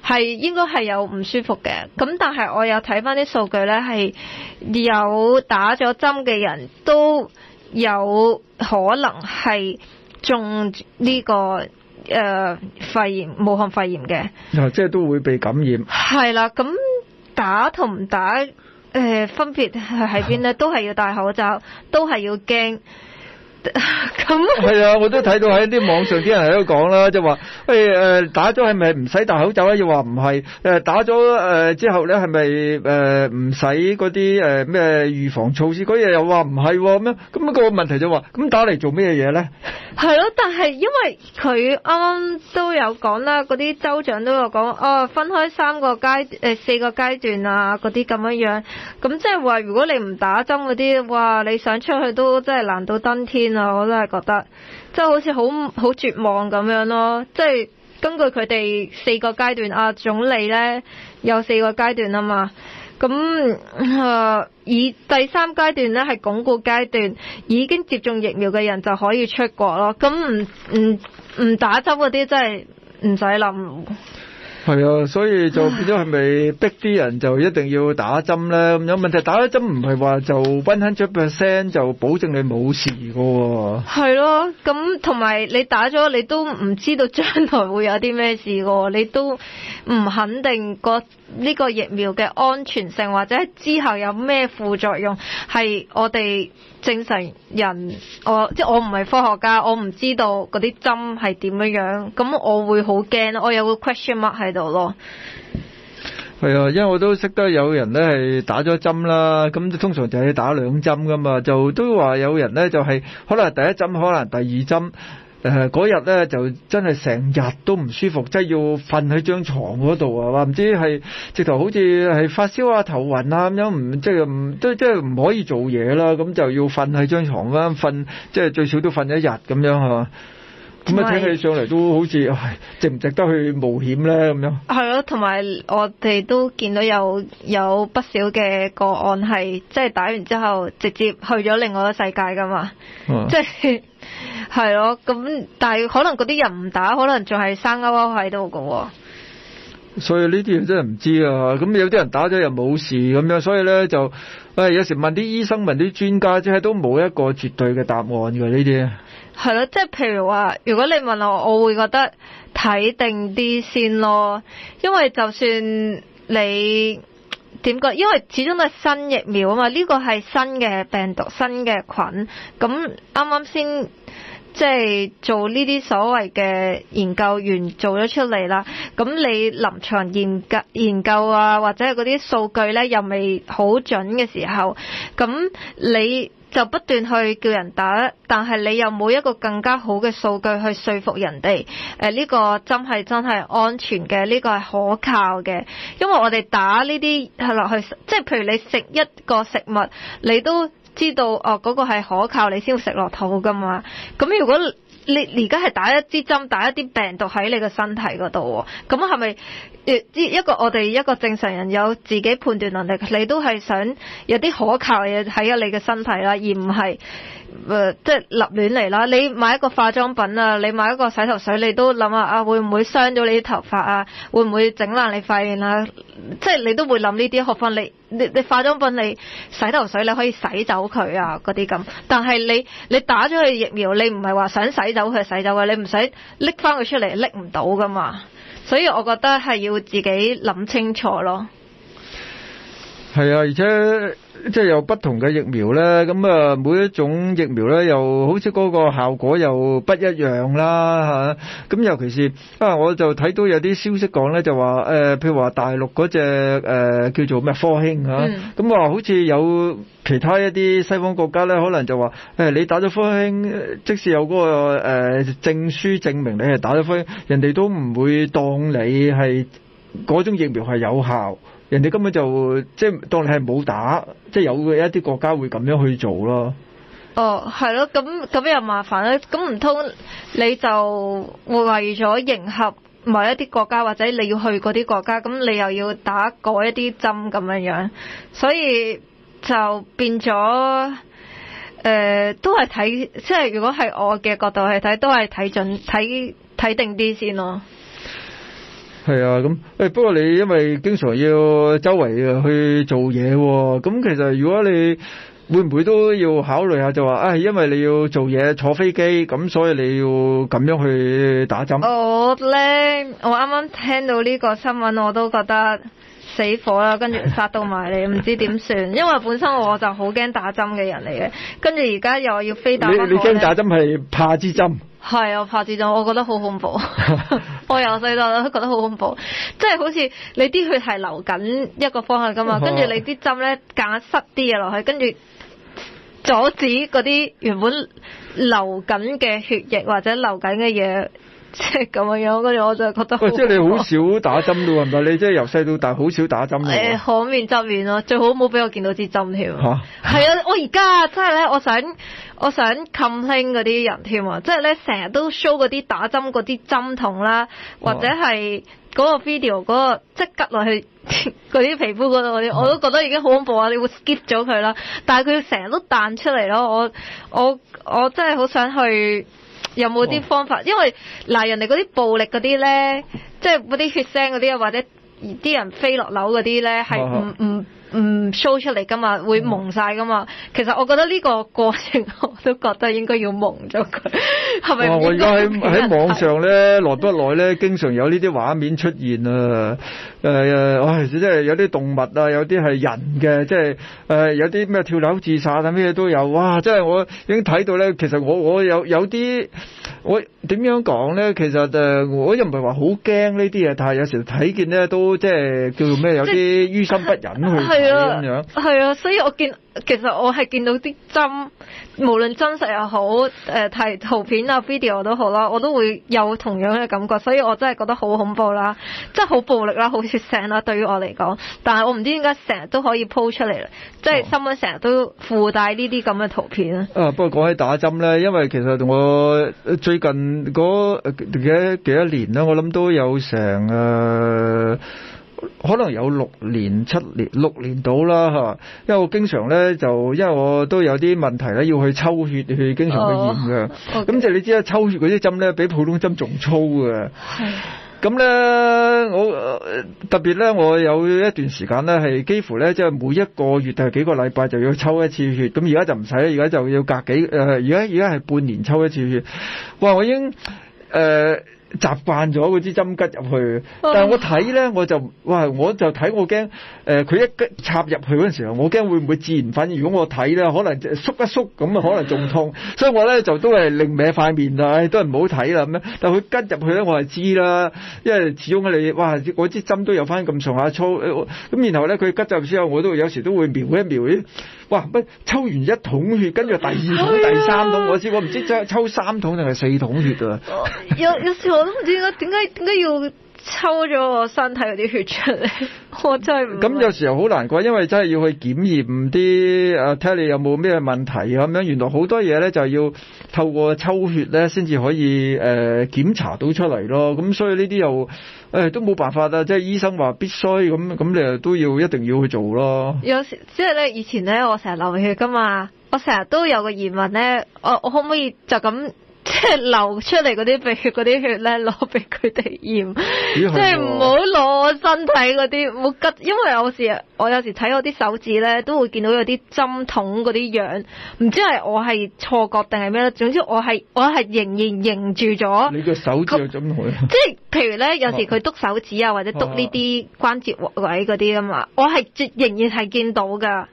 E: 係應該係有唔舒服嘅，咁但係我有睇返啲數據呢，係有打咗針嘅人都有可能係中呢、個誒、呃、肺炎、武漢肺炎嘅。
A: 即係都會被感染。
E: 係啦，咁打同唔打誒、呃，分別係喺邊呢？都係要戴口罩，都係要驚。
A: 咁係啊！我都睇到喺啲網上啲人喺度講啦，就話誒誒打咗係咪唔使戴口罩咧？又話唔係誒打咗誒之後咧，係咪誒唔使嗰啲誒咩預防措施？嗰嘢又話唔係咁樣，咁個問題就話咁打嚟做咩嘢咧？
E: 係咯，但係因為佢啱啱都有講啦，嗰啲州長都有講，哦分開三個階誒四個階段啊，嗰啲咁樣樣，咁即係話如果你唔打針嗰啲，哇你想出去都真係難到登天。我都係覺得，即係好似好好絕望咁樣咯。即係根據佢哋四個階段啊，總理呢有四個階段啊嘛。咁啊，以第三階段呢係鞏固階段，已經接種疫苗嘅人就可以出國咯。咁唔唔唔打針嗰啲真係唔使諗。
A: 係啊，所以就變咗係咪逼啲人就一定要打針咧？咁有問題打咗針唔係話就 one hundred percent 就保證你冇事噶喎、
E: 啊。係咯、啊，咁同埋你打咗你都唔知道將來會有啲咩事噶喎，你都唔肯定個呢個疫苗嘅安全性或者之後有咩副作用係我哋。正常人，我即係我唔係科學家，我唔知道嗰啲針係點樣樣，咁我會好驚，我有個 question mark 喺度咯。
A: 係啊，因為我都識得有人咧係打咗針啦，咁通常就係打兩針噶嘛，就都話有人咧就係、是、可能第一針，可能第二針。誒，嗰日咧就真係成日都唔舒服，即係要瞓喺張床嗰度啊！話唔知係直頭好似係發燒啊、頭暈啊咁樣，唔即係唔都即係唔可以做嘢啦，咁就要瞓喺張床啦，瞓即係最少都瞓一日咁樣係嘛。咁啊，睇起上嚟都好似，值唔值得去冒險咧？咁樣
E: 係咯，同埋我哋都見到有有不少嘅個案係，即係打完之後直接去咗另外一個世界噶嘛。即係係咯，咁但係可能嗰啲人唔打，可能仲係生勾勾喺度噶。
A: 所以呢啲人真係唔知啊！咁有啲人打咗又冇事咁樣，所以咧就，唉，有時問啲醫生問啲專家，即係都冇一個絕對嘅答案㗎呢啲。
E: 係咯，即係譬如話，如果你問我，我會覺得睇定啲先咯。因為就算你點講，因為始終都係新疫苗啊嘛，呢個係新嘅病毒，新嘅菌。咁啱啱先即係做呢啲所謂嘅研究員做咗出嚟啦。咁你臨場研究研究啊，或者係嗰啲數據呢，又未好準嘅時候，咁你。就不斷去叫人打，但係你又冇一個更加好嘅數據去說服人哋，呢、呃呢個針係真係安全嘅，呢、呢個係可靠嘅，因為我哋打呢啲係落去，即係、就是、譬如你食一個食物，你都知道哦嗰、那個係可靠，你先會食落肚噶嘛，咁如果。你而家係打一支針，打一啲病毒喺你嘅身體嗰度喎，咁係咪？一個我哋一個正常人有自己判斷能力，你都係想有啲可靠嘅嘢喺啊你嘅身體啦，而唔係。誒、呃，即係立亂嚟啦！你買一個化妝品啊，你買一個洗頭水，你都諗下啊，會唔會傷咗你啲頭髮啊？會唔會整爛你塊面啊？即係你都會諗呢啲，何況你你你化妝品你洗頭水你可以洗走佢啊嗰啲咁，但係你你打咗佢疫苗，你唔係話想洗走佢洗走啊，你唔使拎翻佢出嚟拎唔到噶嘛。所以我覺得係要自己諗清楚咯。
A: 係啊，而且。即係有不同嘅疫苗咧，咁啊每一種疫苗咧，又好似嗰個效果又不一樣啦嚇。咁、啊、尤其是啊，我就睇到有啲消息講咧，就話、呃、譬如話大陸嗰隻、呃、叫做咩科興嚇，咁、啊、話、嗯嗯、好似有其他一啲西方國家咧，可能就話、哎、你打咗科興，即使有嗰、個誒、呃、證書證明你係打咗科興，人哋都唔會當你係嗰種疫苗係有效。人哋根本就即係當你係冇打，即係有嘅一啲國家會咁樣去做咯。
E: 哦，係咯，咁咁又麻煩咧。咁唔通你就為咗迎合某一啲國家，或者你要去嗰啲國家，咁你又要打嗰一啲針咁樣樣，所以就變咗誒、呃，都係睇，即係如果係我嘅角度去睇，都係睇準、睇睇定啲先咯。
A: 係啊，咁誒，不過你因為經常要周圍去做嘢，咁其實如果你會唔會都要考慮下就說，就話啊，因為你要做嘢坐飛機，咁所以你要咁樣去打針。我
E: 咧，我啱啱聽到呢個新聞，我都覺得。死火啦，跟住殺到埋你，唔知點算。因為本身我就好驚打針嘅人嚟嘅，跟住而家又要飛打你。你驚打針
A: 係怕支針？
E: 係啊，怕支針，我覺得好恐怖。 我由細到大都覺得好恐怖，即係好似你啲血係流緊一個方向噶嘛，跟 住你啲針咧夾硬塞啲嘢落去，跟住阻止嗰啲原本流緊嘅血液或者流緊嘅嘢。即 咁樣，跟住我就覺得。即係你好少
A: 打針都係唔係？ 你即係由細到大好少打針。誒、呃，
E: 看面執面咯，最好唔好俾我見到支針添。係啊，啊，我而家真係咧，我想我想 complain 嗰啲人添啊，即係咧成日都 show 嗰啲打針嗰啲針筒啦，或者係嗰個 video 嗰、嗰個即係吉落去嗰啲 皮膚嗰度嗰啲，我都覺得已經好恐怖啊！你會 skip 咗佢啦，但係佢成日都彈出嚟咯，我我我真係好想去。有冇啲方法？哦、因為嗱、呃，人哋嗰啲暴力嗰啲咧，即係嗰啲血腥嗰啲啊，或者啲人飛落樓嗰啲咧，係唔唔唔 show 出嚟噶嘛，會蒙晒噶嘛。其實我覺得呢個過程，我都覺得應該要蒙咗佢，係、哦、咪？ 我而家喺喺
A: 網上咧，耐不耐咧， 經常有呢啲畫面出現啊！誒、呃、誒，唉，即係有啲動物啊，有啲係人嘅，即係誒、呃、有啲咩跳樓自殺啊，咩都有，哇！即係我已經睇到咧，其實我我有有啲，我點樣講咧？其實誒，我又唔係話好驚呢啲嘢，但係有時睇見咧都即係叫做咩，有啲於心不忍去咁樣。
E: 係啊，係啊，所以我見。其實我係見到啲針，無論真實又好，誒、呃，睇圖片啊 video 我都好啦，我都會有同樣嘅感覺，所以我真係覺得好恐怖啦，真係好暴力啦，好血腥啦，對於我嚟講。但係我唔知點解成日都可以 po 出嚟，即係新聞成日都附帶呢啲咁嘅圖片
A: 啊、哦。啊，不過講起打針咧，因為其實我最近嗰幾幾一年啦，我諗都有成誒。呃可能有六年、七年、六年到啦嚇，因為我經常咧就，因為我都有啲問題咧，要去抽血去經常去驗㗎。咁、oh, okay. 就你知啦，抽血嗰啲針咧比普通針仲粗嘅。咁 咧，我特別咧，我有一段時間咧係幾乎咧，即係每一個月就係幾個禮拜就要抽一次血。咁而家就唔使啦，而家就要隔幾誒，而家而家係半年抽一次血。哇，我已經誒。呃習慣咗嗰支針吉入去，但係我睇咧我就哇，我就睇我驚誒，佢、呃、一吉插入去嗰陣時候我驚會唔會自然反應？如果我睇咧，可能縮一縮咁啊，可能仲痛，所以我咧就都係擰歪塊面啊，都係唔好睇啦咁樣，但係佢吉入去咧，我係知啦，因為始終你哇，我支針都有翻咁上下粗，咁、呃、然後咧佢吉入之後，我都有時都會瞄一瞄哇！乜抽完一桶血，跟住第二桶、 第三桶我知，我唔知抽三桶定係四桶血啊！ 有時
E: 候有時我都唔知我點解點解要。抽咗我身體嗰啲血出嚟，
A: 我真係咁有時好難過，因為真係要去檢驗啲阿 t e r y 有冇咩問題咁樣。原來好多嘢咧就要透過抽血咧先至可以誒檢查到出嚟咯。咁所以呢啲又誒都冇辦法啊，即係醫生話必須咁咁你都要一定要去做咯。
E: 有時即係咧以前咧我成日流血噶嘛，我成日都有個疑問咧，我我可唔可以就咁？即係流出嚟嗰啲鼻血，嗰啲血咧攞俾佢哋驗，即係唔好攞我身體嗰啲，冇吉，因為我時我有時睇我啲手指咧，都會見到有啲針筒嗰啲樣，唔知係我係錯覺定係咩咧？總之我係我係仍然認住咗。
A: 你個手指要去？即
E: 係譬如咧，有時佢督手指啊，或者督呢啲關節位嗰啲啊嘛，我係仍然係見到㗎。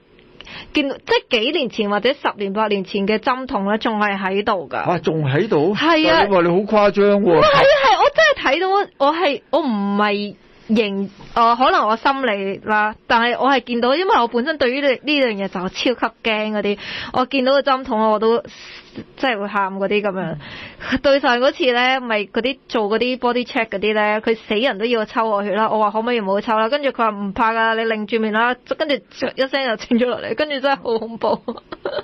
E: 見到即係幾年前或者十年八年前嘅針筒咧，仲係喺度噶。
A: 啊，仲喺度？係啊，你話你好誇張喎。係啊，係啊，
E: 我真係睇到我，我係我唔係。仍，我、呃、可能我心理啦，但係我係見到，因為我本身對於呢呢樣嘢就超級驚嗰啲，我見到個針筒，我都即係會喊嗰啲咁樣。對上嗰次呢，咪嗰啲做嗰啲 body check 嗰啲呢，佢死人都要我抽我血啦，我話可唔可以唔好抽啦？跟住佢話唔怕㗎，你擰住面啦，跟住一聲就清咗落嚟，跟住真係好恐怖呵呵。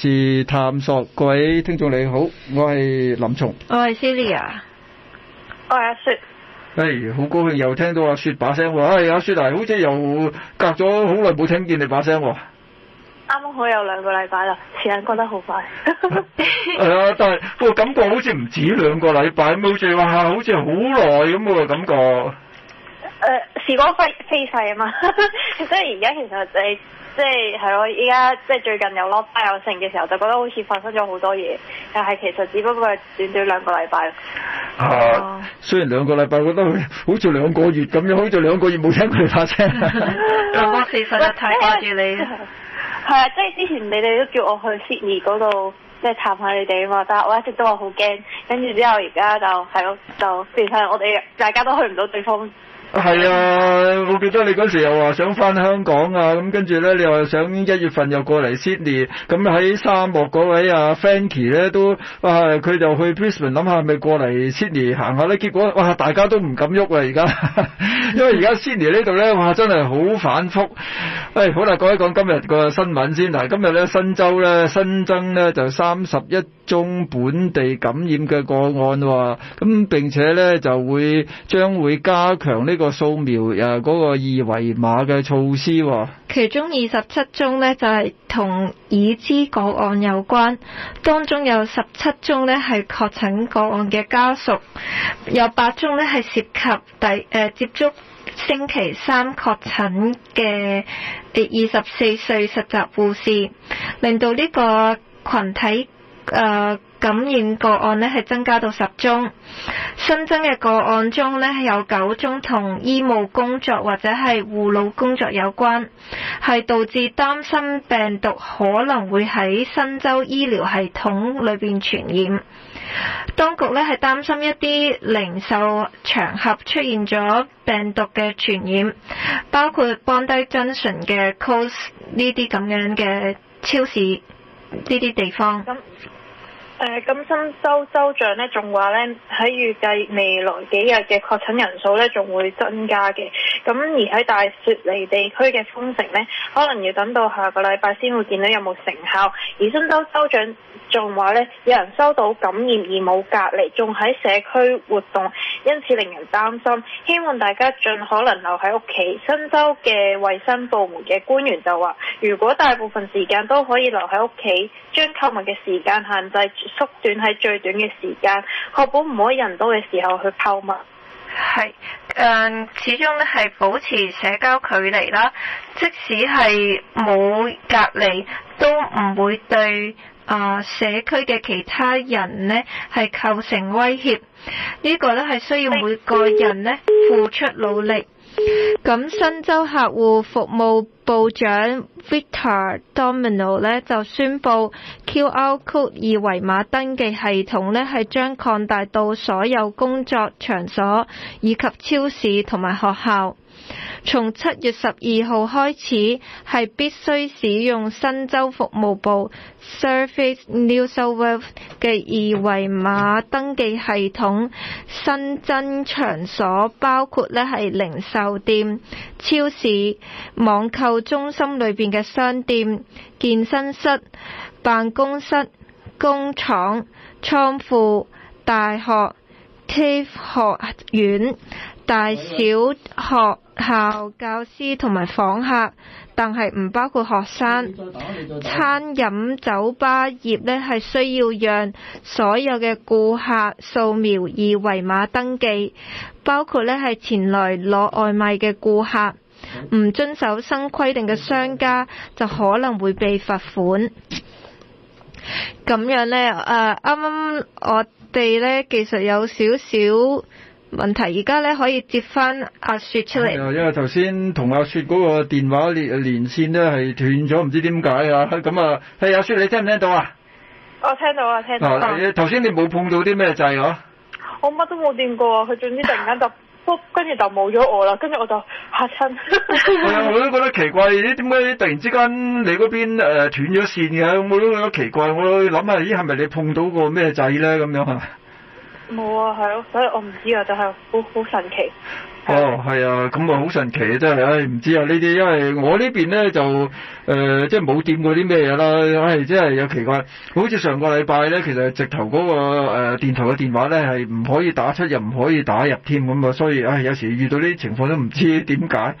A: 事探索，各位聽眾你好，我係林松，
E: 我係 Celia，我係
A: 阿雪。哎，好高興又聽到阿雪把聲喎！哎、hey，阿雪啊，好似又隔咗好耐冇聽見你把聲喎。啱
B: 好有兩個禮拜啦，時間過得好
A: 快。係啊，但係個感覺好似唔止兩個禮拜，冇似話好似、uh, 好耐咁嘅感覺。誒、uh，
B: 時光飛飛逝啊嘛，所以而家其實就係。即係係咯，依家即係最近有落大有升嘅時候，就覺得好似發生咗好多嘢，但係其實只不過係短短兩個禮拜。哦、uh,，
A: 雖然兩個禮拜，覺得好似兩個月咁樣，好似兩個月冇聽佢哋發聲。
B: 咁 我 事實太掛住你。係 啊，即係之前你哋都叫我去 Sydney 嗰度，即係探下你哋啊嘛，但去係 我一直都話好驚，跟住之後而家就係咯，就變晒我哋大家都去唔到對方。
A: 係啊，我記得你嗰時又話想翻香港啊，咁跟住咧，你又想一月份又過嚟 Sydney，咁喺沙漠嗰位啊 Frankie 咧都哇，佢就去 Brisbane 諗下係咪過嚟 Sydney 行下咧，結果哇大家都唔敢喐啊。而家，因為而家 Sydney 呢度咧哇真係好反覆。誒、哎、好啦，講一講今日個新聞先啦，今日咧新州咧新增咧就三十一宗本地感染嘅個案喎，咁並且咧就會將會加強呢、這個。這個掃描又嗰、這個二維碼嘅措施，
E: 其中二十七宗呢，就係同已知個案有關，當中有十七宗呢，係確診個案嘅家屬，有八宗呢，係涉及第誒接觸星期三確診嘅二十四歲實習護士，令到呢個群體誒。呃感染個案呢係增加到十宗，新增嘅個案中呢有九宗同醫務工作或者係護老工作有關，係導致擔心病毒可能會喺新州醫療系統裏面傳染。當局呢係擔心一啲零售場合出現咗病毒嘅傳染，包括邦低珍純嘅 Coles 呢啲咁樣嘅超市呢啲地方。
B: 誒、呃，咁新州州長咧，仲話咧，喺預計未來幾日嘅確診人數咧，仲會增加嘅。咁而喺大雪梨地區嘅封城咧，可能要等到下個禮拜先會見到有冇成效。而新州州長。仲話咧，有人收到感染而冇隔離，仲喺社區活動，因此令人擔心。希望大家盡可能留喺屋企。新州嘅衛生部門嘅官員就話，如果大部分時間都可以留喺屋企，將購物嘅時間限制縮短喺最短
E: 嘅時間，確保唔可以人多嘅時候去購物。係，誒、嗯，始終咧係保持社交距離啦。即使係冇隔離，都唔會對。啊！社區嘅其他人呢，係構成威脅，呢、呢個呢，係需要每個人呢付出努力。咁新州客戶服務部長 Victor Domino 呢，就宣布，QR code 二維碼登記系統呢，係將擴大到所有工作場所以及超市同埋學校。從七月十二號開始，係必須使用新州服務部 Service New South Wales 嘅二維碼登記系統新增場所，包括咧係零售店、超市、網購中心裏邊嘅商店、健身室、辦公室、工廠、倉庫、大學、TAFE 學院。大小學校教師同埋訪客，但係唔包括學生。啊啊、餐飲酒吧業呢係需要讓所有嘅顧客掃描二維碼登記，包括呢係前來攞外賣嘅顧客。唔遵守新規定嘅商家就可能會被罰款。咁樣呢，誒、啊，啱啱我哋呢，其實有少少問題而家咧可以接翻阿雪出嚟，
A: 啊。因為頭先同阿雪嗰個電話連連線咧係斷咗，唔知點解啊？咁啊，係阿雪你聽唔聽到啊？
E: 我聽到啊，聽到。
A: 頭、啊、先你冇碰到啲咩掣啊？我
B: 乜都冇掂過，佢總之突然間就，跟 住就冇咗我啦，跟住我就吓親。係 啊， 我
A: 都覺得奇怪，咦點解突然之間你嗰邊誒斷咗線嘅，啊？我都覺得奇怪，我諗下，咦係咪你碰到個咩掣咧？咁樣係、啊冇啊，係咯，所以我唔知啊，就係好好神奇。哦，係啊，咁啊好神奇啊，真係，唉、哎，唔知啊呢啲，因為我呢邊呢，就、呃、誒，即係冇掂過啲咩嘢啦，唉、哎，真係有奇怪，好似上個禮拜呢，其實直頭、那、嗰個誒、呃、電台嘅電話呢，係唔可以打出又唔可以打入添咁啊，所以唉、哎，有時遇到呢啲情況都唔知點解。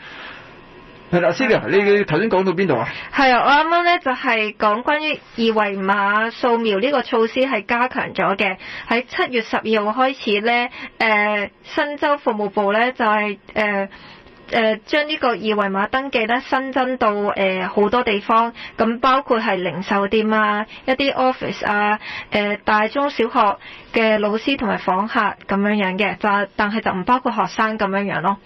A: 係啦，司理你你頭先講到邊度啊？
E: 係啊，我啱啱呢就係、是、講關於二維碼掃描呢個措施係加強咗嘅。喺七月十二號開始呢、呃，新州服務部呢就係、是呃呃、將呢個二維碼登記呢新增到好、呃、多地方，咁包括係零售店啊、一啲 office 啊、呃、大中小學嘅老師同埋訪客咁樣樣嘅，就但係就唔包括學生咁樣樣咯。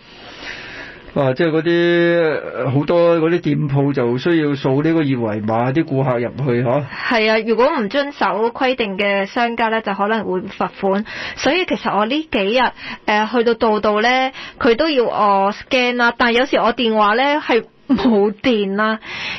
A: 啊！即係嗰啲好多嗰啲店鋪就需要掃呢個二維碼，啲顧客入去嗬，
E: 係啊，啊，如果唔遵守規定嘅商家呢，就可能會罰款。所以其實我呢幾日誒、呃、去到度度呢，佢都要我 scan 啦。但係有時我電話呢，係。冇電啦，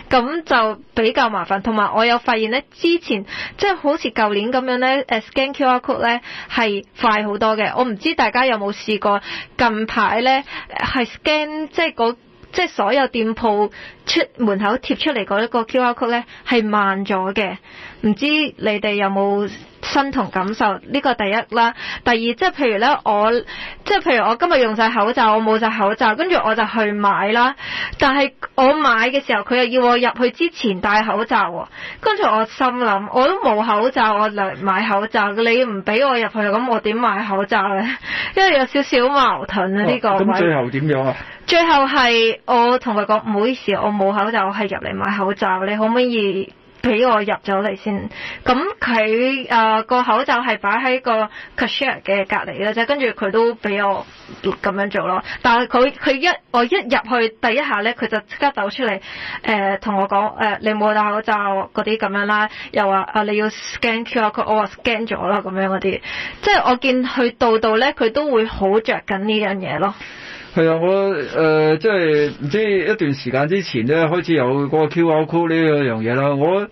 E: 咁就比較麻煩。同埋我有發現呢，之前即係好似舊年咁樣呢誒 scan QR code 呢係快好多嘅。我唔知大家有冇試過近排呢，係 scan 即係嗰即係所有店鋪出門口貼出嚟嗰一個 QR code 呢係慢咗嘅。唔知你哋有冇？身同感受呢、呢個第一啦，第二即係譬如呢，我即係譬如我今日用曬口罩，我冇曬口罩，跟住我就去買啦。但係我買嘅時候，佢又要我入去之前戴口罩喎。跟住我心諗，我都冇口罩，我嚟買口罩你唔俾我入去，咁我點買口罩呢？因為有少少矛盾啊，呢、哦這個。咁、嗯、最後點樣啊？最後係我同佢講，唔好意思，我冇口罩，我係入嚟買口罩，你可唔可以？俾我入咗嚟先，咁佢誒個口罩係擺喺個 cashier 嘅隔離咧啫，即係跟住佢都俾我咁樣做咯。但係佢佢一我一入去第一下咧，佢就即刻走出嚟呃、同我講、呃、你冇戴口罩嗰啲咁樣啦，又話啊、呃、你要 scan QR 啊，佢我話 scan 咗啦咁樣嗰啲，即係我見佢度度咧，佢都會好著緊呢樣嘢咯。
A: 係啊，我誒、呃、即係唔知一段時間之前咧，開始有個 QR code 呢樣嘢啦。我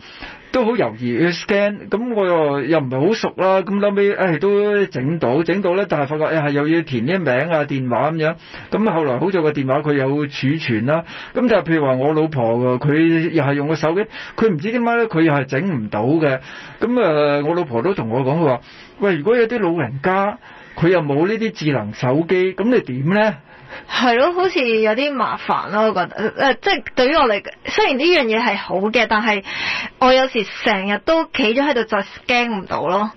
A: 都好猶豫，scan 咁我又又唔係好熟啦。咁後尾，誒、哎、都整到，整到咧，但係發覺誒係、哎、又要填啲名啊、電話咁樣。咁、嗯、後來好在個電話佢有儲存啦。咁、嗯、就譬如話我老婆佢又係用個手機，佢唔知點解咧，佢又係整唔到嘅。咁、嗯、我老婆都同我講佢話：喂，如果有啲老人家，佢又冇呢啲智能手機，咁你點咧？係
E: 咯，好似有啲麻煩咯，我覺得誒、呃，即係對於我嚟講，雖然呢樣嘢係好嘅，但係我有時成日都企咗喺度就 scan 唔到咯。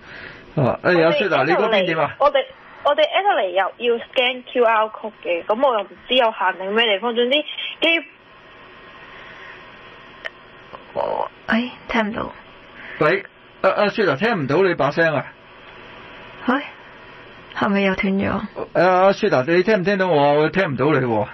E: 哦、啊，誒、哎哎，阿雪達、啊，你嗰邊點啊？我哋我哋 Eddie 嚟
A: 又要 scan QR
E: code
B: 嘅，咁我又唔知有限定
A: 咩地方，總之基。哦，誒，聽唔到。喂，阿阿雪達，聽唔到你把聲啊？喂、哎。
E: 係咪又斷咗？
A: 阿舒嗱，你聽唔聽到我？我聽唔到
B: 你啊。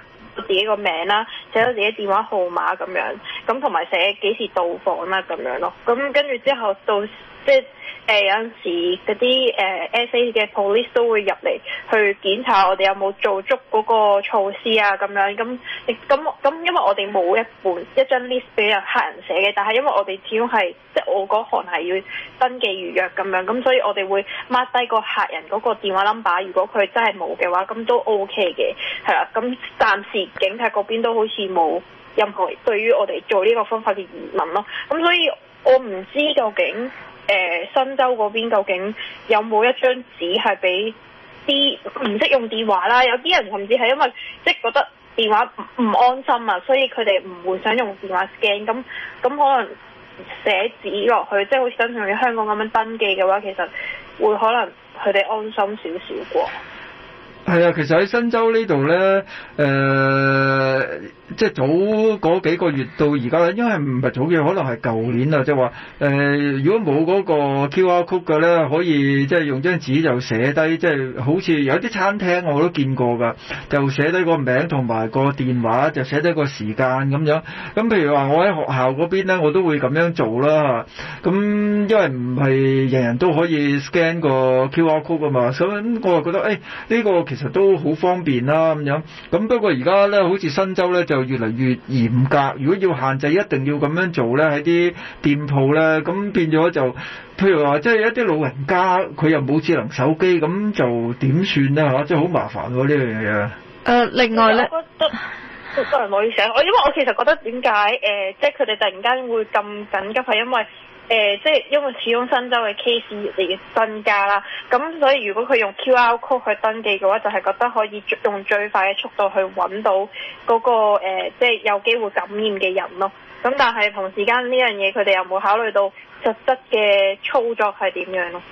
B: 自己個名啦，寫咗自己的電話號碼咁樣，咁同埋寫幾時到訪啦咁樣咯。咁跟住之後到即。誒、呃，有陣時嗰啲誒，S A 嘅 police 都會入嚟去檢查我哋有冇做足嗰個措施啊，咁樣咁咁咁，因為我哋冇一本一張 list 俾人客人寫嘅，但係因為我哋始終係即係我嗰行係要登記預約咁樣，咁所以我哋會 mark 低個客人嗰個電話 number，如果佢真係冇嘅話，咁都 O K 嘅，係啦，咁暫時警察嗰邊都好似冇任何對於我哋做呢個方法嘅疑問咯，咁所以我唔知究竟。誒、呃，新州嗰邊究竟有冇一張紙係俾啲唔識用電話啦？有啲人甚至係因為即係、就是、覺得電話唔唔安心啊，所以佢哋唔會想用電話 scan。咁咁可能寫紙落去，即、就、係、是、好似登上去香港咁樣登記嘅話，其實會可能佢哋安心少少過。
A: 係啊，其實喺新州呢度咧，誒即係早嗰幾個月到而家啦，因為唔係早嘅，可能係舊年啊，即係話誒如果冇個 QR code 嘅咧，可以即係、就是、用張紙就寫低，即、就、係、是、好似有啲餐廳我都見過㗎，就寫低個名同埋個電話，就寫低個時間咁樣，咁譬如話我喺學校嗰邊咧，我都會咁樣做啦。咁因為唔係人人都可以 scan 個 QR code 啊嘛，所以我就覺得誒呢、哎這個。其實都好方便啦、啊，咁樣。咁不過而家呢，好似新州呢就越嚟越嚴格。如果要限制，一定要咁樣做呢，喺啲店鋪呢，咁變咗就，譬如話，即係一啲老人家佢又冇智能手機，咁就點算呢？嚇，即係好麻煩喎呢樣嘢。另外呢，我覺得
E: 都多冇意想。我因為
B: 我其實覺得點解、呃、即係佢哋突然間會咁緊急，係因為，誒、呃，即係因為始終新州嘅 case 越嚟越增加啦，咁所以如果佢用 QR code 去登記嘅話，就係、是、覺得可以用最快嘅速度去揾到嗰、那個誒、呃，即係有機會感染嘅人咯。咁但係同時間呢樣嘢，佢哋又冇考慮到實質嘅操作係點樣
E: 咯？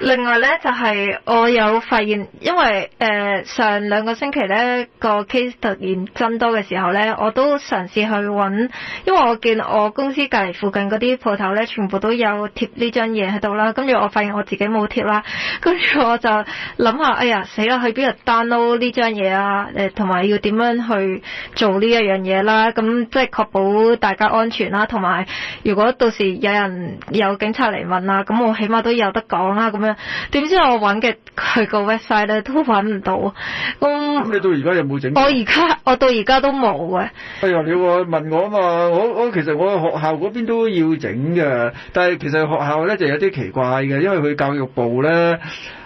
E: 另外咧，就係、是、我有發現，因為誒、呃、上兩個星期咧個 case 突然增多嘅時候咧，我都嘗試去揾，因為我見我公司隔籬附近嗰啲鋪頭咧，全部都有貼呢張嘢喺度啦。跟住我發現我自己冇貼啦，跟住我就諗下，哎呀死啦，去邊度 download 呢張嘢啊？誒同埋要點樣去做呢一樣嘢啦？咁即係確保大家。安全啦、啊，同埋如果到時有人有警察嚟問啊，咁我起碼都有得講啦、啊。咁樣點知我揾嘅佢個 website 咧都揾唔到、啊。
A: 咁、嗯、你到而家有冇整？我
E: 而家我到而家都冇啊。
A: 哎呀，你話問我啊嘛，我我其實我學校嗰邊都要整嘅，但係其實學校咧就有啲奇怪嘅，因為佢教育部咧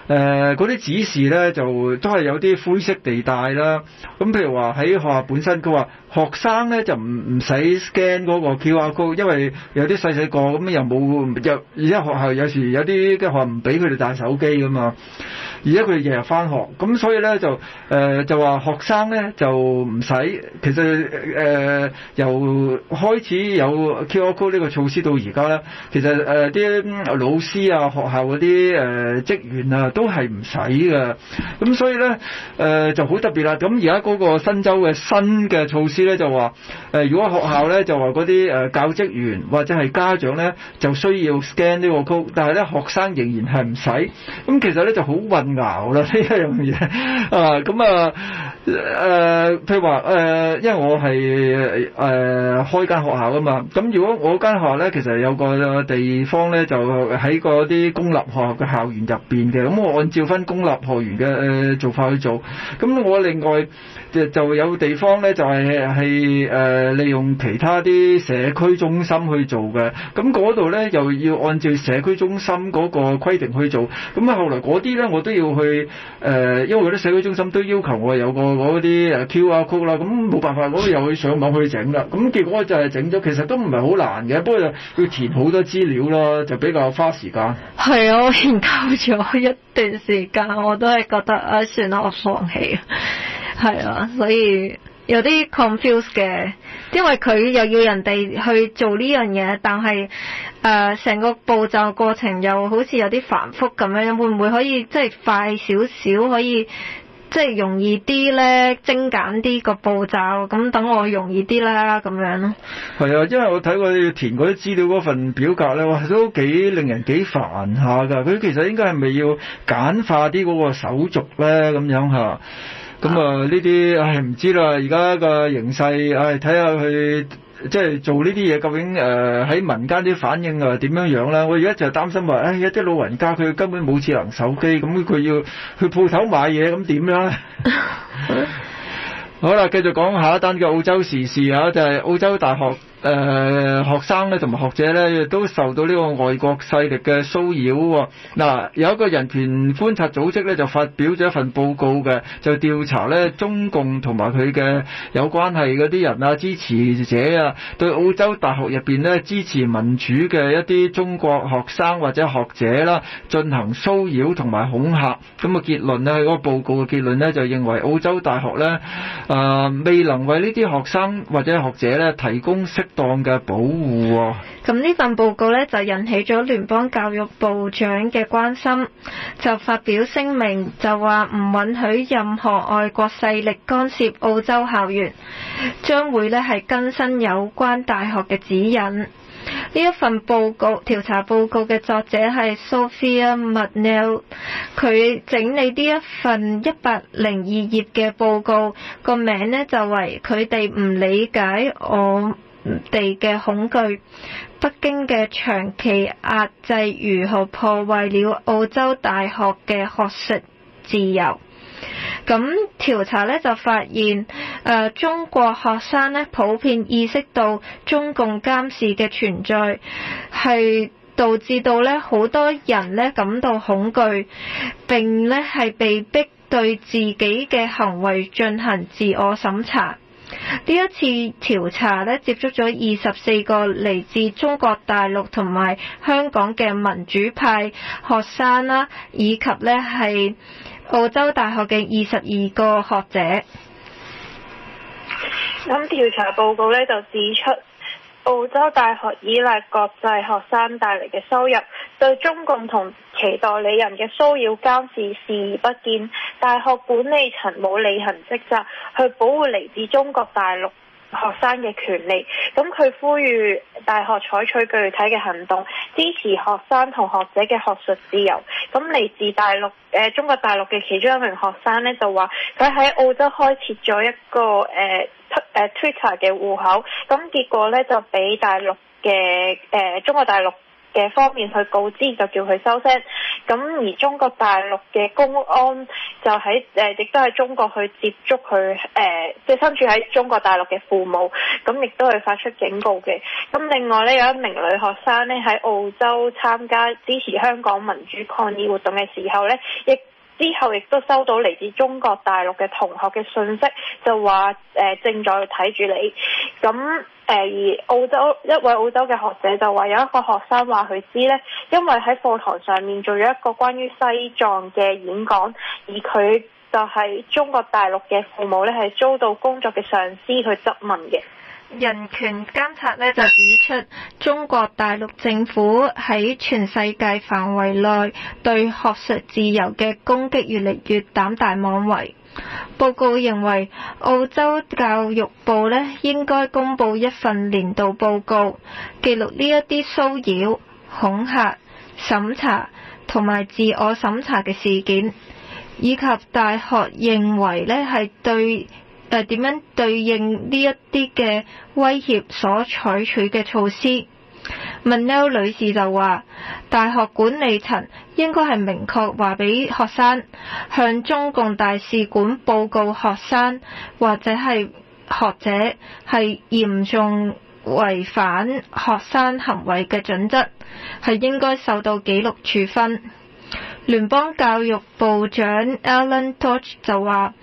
A: 誒嗰啲指示咧就都係有啲灰色地帶啦。咁譬如話喺學校本身，佢話。學生咧就唔唔使 scan 嗰個 QR code 因為有啲細細個咁又冇，又而家學校有時有啲嘅學校唔俾佢哋帶手機噶嘛。而家佢哋日日翻學，咁所以咧就誒、呃、就話學生咧就唔使，其實誒、呃、由開始有 QR code 呢個措施到而家咧，其實誒啲、呃、老師啊、學校嗰啲誒職員啊都係唔使㗎。咁所以咧誒、呃、就好特別啦。咁而家嗰個新州嘅新嘅措施。咧就話誒、呃，如果學校咧就話嗰啲誒教職員或者係家長咧就需要 scan 呢個 code，但係咧學生仍然係唔使，咁、嗯、其實咧就好混淆啦呢一樣嘢啊，咁啊誒譬如話誒、呃，因為我係誒、呃、開間學校噶嘛，咁、嗯、如果我間學校咧其實有個地方咧就喺個啲公立學校嘅校園入邊嘅，咁、嗯、我按照返公立學校園嘅誒做法去做，咁、嗯、我另外，就有地方咧，就係係誒利用其他啲社區中心去做嘅，咁嗰度咧又要按照社區中心嗰個規定去做。咁啊，後來嗰啲咧，我都要去誒，因為啲社區中心都要求我有個嗰啲誒 QR Code 啦，咁冇辦法，我又去上網去整啦。咁結果就係整咗，其實都唔係好難嘅，不過要填好多資料啦，就比較花時間。
E: 係啊，我研究咗一段時間，我都係覺得啊，算啦，我放棄。係啊，所以有啲 confuse 嘅，因為佢又要人哋去做呢樣嘢，但係誒成個步驟過程又好似有啲繁複咁樣，會唔會可以即係快少少，可以即係容易啲咧，精簡啲個步驟，咁等我容易啲啦咁樣咯。
A: 係啊，因為我睇過你填嗰啲資料嗰份表格咧，哇都幾令人幾煩下㗎。佢其實應該係咪要簡化啲嗰個手續咧？咁樣吓。咁啊，呢啲唉唔知啦，而家個形勢，唉，睇下佢，即係做呢啲嘢究竟誒喺、呃、民間啲反應啊點樣樣啦？我而家就擔心話，唉，一啲老人家佢根本冇智能手機，咁佢要去鋪頭買嘢，咁點樣啦？ 好啦，繼續講下一單嘅澳洲時事吓就係、是、澳洲大學。誒學生咧同埋學者咧亦都受到呢個外國勢力嘅騷擾。嗱，有一個人權觀察組織咧就發表咗一份報告嘅，就調查咧中共同埋佢嘅有關係嗰啲人啊、支持者啊，對澳洲大學入邊呢，支持民主嘅一啲中國學生或者學者啦進行騷擾同埋恐吓。咁啊結論呢，佢個報告嘅結論呢，就認為澳洲大學呢，啊未能為呢啲學生或者學者呢提供適。適當嘅保護。咁
E: 呢份報告呢，就引起咗聯邦教育部長嘅關心，就發表聲明，就話唔允許任何外國勢力干涉澳洲校園，將會呢係更新有關大學嘅指引。呢一份報告調查報告嘅作者係 Sophia McNeill，佢整理呢一份一百零二頁嘅報告，個名呢就為佢哋唔理解我地嘅恐懼，北京嘅長期壓制如何破壞了澳洲大學嘅學術自由？咁調查咧就發現，誒、呃、中國學生咧普遍意識到中共監視嘅存在，係導致到咧好多人咧感到恐懼，並咧係被逼對自己嘅行為進行自我審查。呢一次調查咧，接觸咗二十四個嚟自中國大陸同埋香港嘅民主派學生啦，以及呢係澳洲大學嘅二十二個學者。
B: 咁調查報告咧就指出，澳洲大學倚賴國際學生帶嚟嘅收入，對中共同其代理人嘅騷擾監視視而不見，大學管理層冇履行職責，去保護嚟自中國大陸學生嘅權利，咁佢呼籲大學採取具體嘅行動，支持學生同學者嘅學術自由。咁嚟自大陸、呃，中國大陸嘅其中一名學生咧，就話佢喺澳洲開設咗一個、呃、Twitter 嘅戶口，咁結果咧就俾大陸嘅、呃、中國大陸。嘅方面去告知就叫佢收聲。咁而中國大陸嘅公安就喺誒亦都喺中國去接觸佢，誒，即、呃、係、即係、身處喺中國大陸嘅父母，咁亦都係發出警告嘅。咁另外呢，有一名女學生呢，喺澳洲參加支持香港民主抗議活動嘅時候呢，亦。之後亦都收到嚟自中國大陸嘅同學嘅信息，就話、呃、正在睇住你。咁而、呃、澳洲一位澳洲嘅學者就話有一個學生話佢知呢，因為喺課堂上面做咗一個關於西藏嘅演講，而佢就係中國大陸嘅父母，呢係遭到工作嘅上司去質問嘅。人權監察呢，就指
E: 出，中國大陸政府喺全世界範圍內對學術自由嘅攻擊越嚟越膽大妄為。報告認為，澳洲教育部呢應該公布一份年度報告，記錄呢一啲騷擾、恐嚇、審查同埋自我審查嘅事件，以及大學認為呢係對誒點樣對應呢一啲嘅威脅所採取嘅措施？Manel 女士就話：大學管理層應該係明確話俾學生，向中共大使館報告學生或者係學者係嚴重違反學生行為嘅準則，係應該受到紀律處分。聯邦教育部長 Alan Tudge 就話：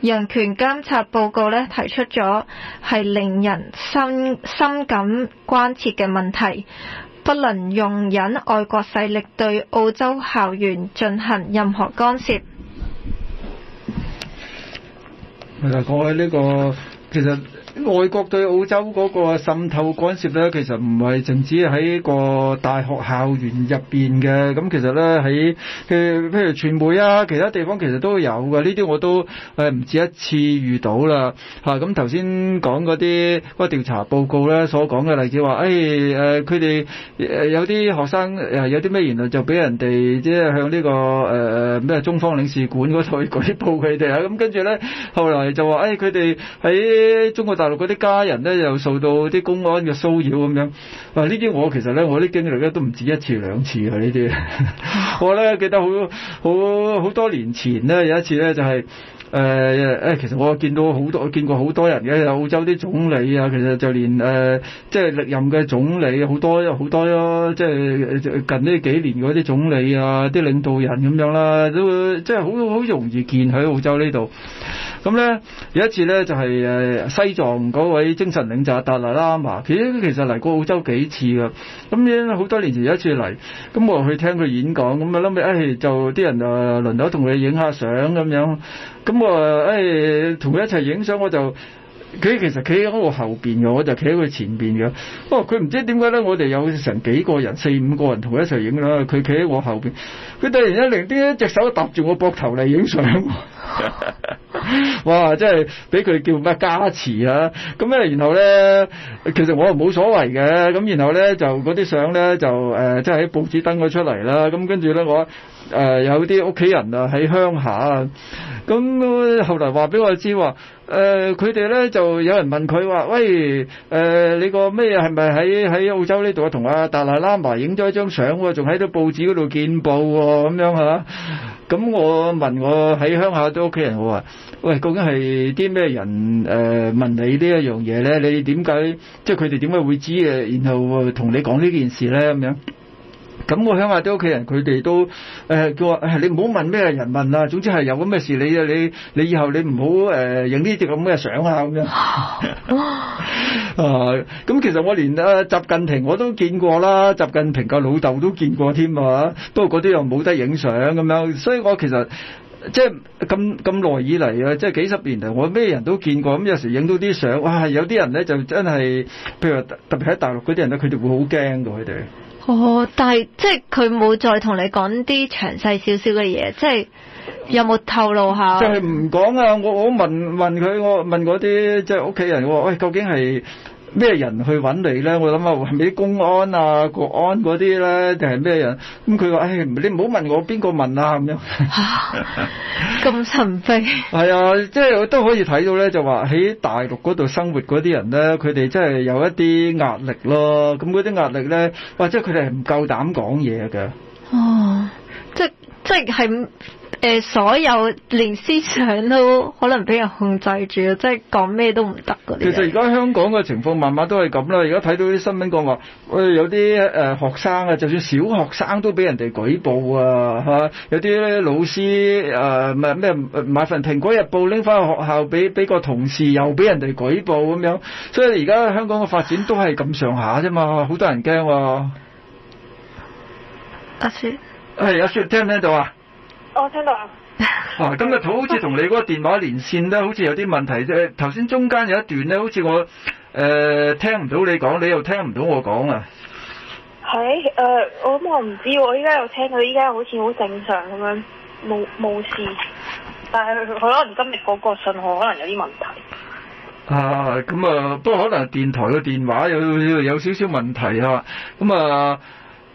E: 人權監察報告咧提出咗係令人深深感關切嘅問題，不能容忍外國勢力對澳洲校園進行任何干涉。
A: 其實各位呢個，其實。外國對澳洲嗰個滲透干涉咧，其實唔係淨止喺個大學校園入面嘅，咁其實咧喺譬如傳媒啊，其他地方其實都有嘅。呢啲我都唔止一次遇到啦，咁頭先講嗰啲、嗰個調查報告咧所講嘅例子話，誒佢哋有啲學生、呃、有啲咩，言論就俾人哋即係向呢、呢個咩、呃、中方領事館嗰度去舉報佢哋啊，咁跟住咧後來就話誒佢哋喺中國。大陸嗰啲家人咧又受到啲公安嘅騷擾咁樣，啊呢啲我其實咧我啲經歷咧都唔止一次兩次啊呢啲，我咧記得好好好多年前咧有一次咧就係誒誒，其實我見到好多見過好多人嘅，澳洲啲總理啊，其實就連誒即係歷任嘅總理好多好多囉，即係近呢幾年嗰啲總理啊啲領導人咁樣啦，都即係好好容易見喺澳洲呢度。咁咧有一次咧就係、是、西藏嗰位精神領袖達賴喇嘛，佢咧其實嚟過澳洲幾次噶，咁咧好多年前有一次嚟，咁我去聽佢演講，咁啊諗住誒就啲、哎、人啊輪流同佢影下相咁樣，咁我誒同佢一齊影相，我就佢其實企喺我後面嘅，我就企喺佢前邊嘅，哦佢唔知點解咧，我哋有成幾個人四五個人同佢一齊影啦，佢企喺我後面，佢突然一零啲一隻手搭住我膊頭嚟影相。 哇！真係俾佢叫咩加持啊！咁咧，然後咧，其實我又冇所謂嘅。咁然後咧，就嗰啲相咧，就即係喺報紙登咗出嚟啦。咁跟住咧，我誒、呃、有啲屋企人啊喺鄉下啊。咁後來話俾我知話佢哋咧就有人問佢話：喂、呃、你個咩係咪喺喺澳洲呢度同阿達賴喇嘛影咗一張相喎？仲喺度報紙嗰度見報喎、啊？咁樣嚇、啊。咁我問我喺鄉下都屋企人，我話：喂，究竟係啲咩人？誒、呃，問你呢一樣嘢咧，你點解即係佢哋點解會知嘅？然後同你講呢件事咧，咁樣。咁我鄉下啲屋企人佢哋都誒、呃、叫話、哎，你唔好問咩人問啦、啊。總之係有咁咩事，你啊你你以後你唔好誒影呢啲咁嘅相啊咁樣，咁、 呃、其實我連、呃、習近平我都見過啦，習近平個老豆都見過添啊。不過嗰啲又冇得影相咁樣。所以我其實即係咁咁耐以嚟啊，即係幾十年嚟，我咩人都見過。咁有時影到啲相，哇！有啲人咧就真係，譬如特別喺大陸嗰啲人咧，佢哋會好驚噶，佢哋。
E: 哦，但係即係佢冇再同你講啲詳細少少嘅嘢，即係有冇透露下？即係
A: 唔講啊！我我問問佢，我問嗰啲即係屋企人喎，喂，究竟係？咩人去揾你咧？我諗啊，係咪啲公安啊、國安嗰啲咧，定係咩人？咁佢話，唉、哎，你唔好問我邊個問啊，咁、啊、樣。
E: 咁 神秘。
A: 係啊，即係都可以睇到咧，就話喺大陸嗰度生活嗰啲人咧，佢哋真係有一啲壓力咯。咁嗰啲壓力咧，或者佢哋係唔夠膽講嘢嘅。
E: 哦，即、啊、即係。即誒、呃、所有連思想都可能俾人控制住，即係講咩都唔得
A: 嗰啲。其實而家香港嘅情況慢慢都係咁啦。而家睇到啲新聞講話，誒、哎、有啲誒、呃、學生啊，就算小學生都俾人哋舉報啊，嚇、啊、有啲老師誒咪咩買份《蘋果日報》拎翻去學校俾俾個同事，又俾人哋舉報咁、啊、樣。所以而家香港嘅發展都係咁上下啫嘛，好、啊、多人驚。阿雪，係阿雪聽唔聽到啊？啊是啊。我聽到 啊！今日都好似同你嗰個電話連線咧，好似有啲問題啫。頭先中間有一段咧，好似我聽唔到你講，你又聽唔到我講啊。
B: 係、呃、我咁我唔知喎。依家又聽到，依家好似好正常咁樣，冇
A: 冇事。但係佢可能今日嗰個信號可能有啲問題。啊，咁、嗯、啊，不過可能電台嘅電話有有少少問題啊。咁、嗯、啊。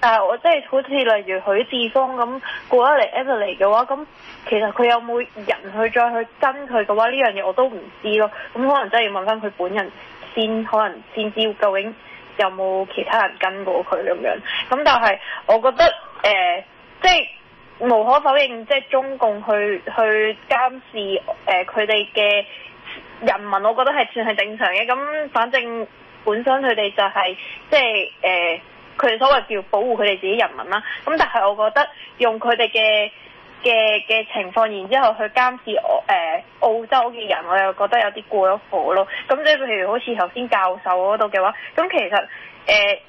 B: 但、呃、係我即係好似例如許智峰咁過咗嚟 Emily 嘅話，咁其實佢有冇人去再去跟佢嘅話，呢樣嘢我都唔知咯。咁可能真係要問翻佢本人先，可能先知究竟有冇其他人跟過佢咁樣。咁但係我覺得誒，即、呃、係、就是、無可否認，即、就、係、是、中共去去監視誒佢哋嘅人民，我覺得係算係正常嘅。咁反正本身佢哋就係即係誒。就是呃佢哋所謂叫保護佢哋自己人民啦，咁但係我覺得用佢哋嘅嘅嘅情況，然之後去監視我誒、呃、澳洲嘅人，我又覺得有啲過咗火咯。咁即係譬如好似頭先教授嗰度嘅話，咁其實誒、呃，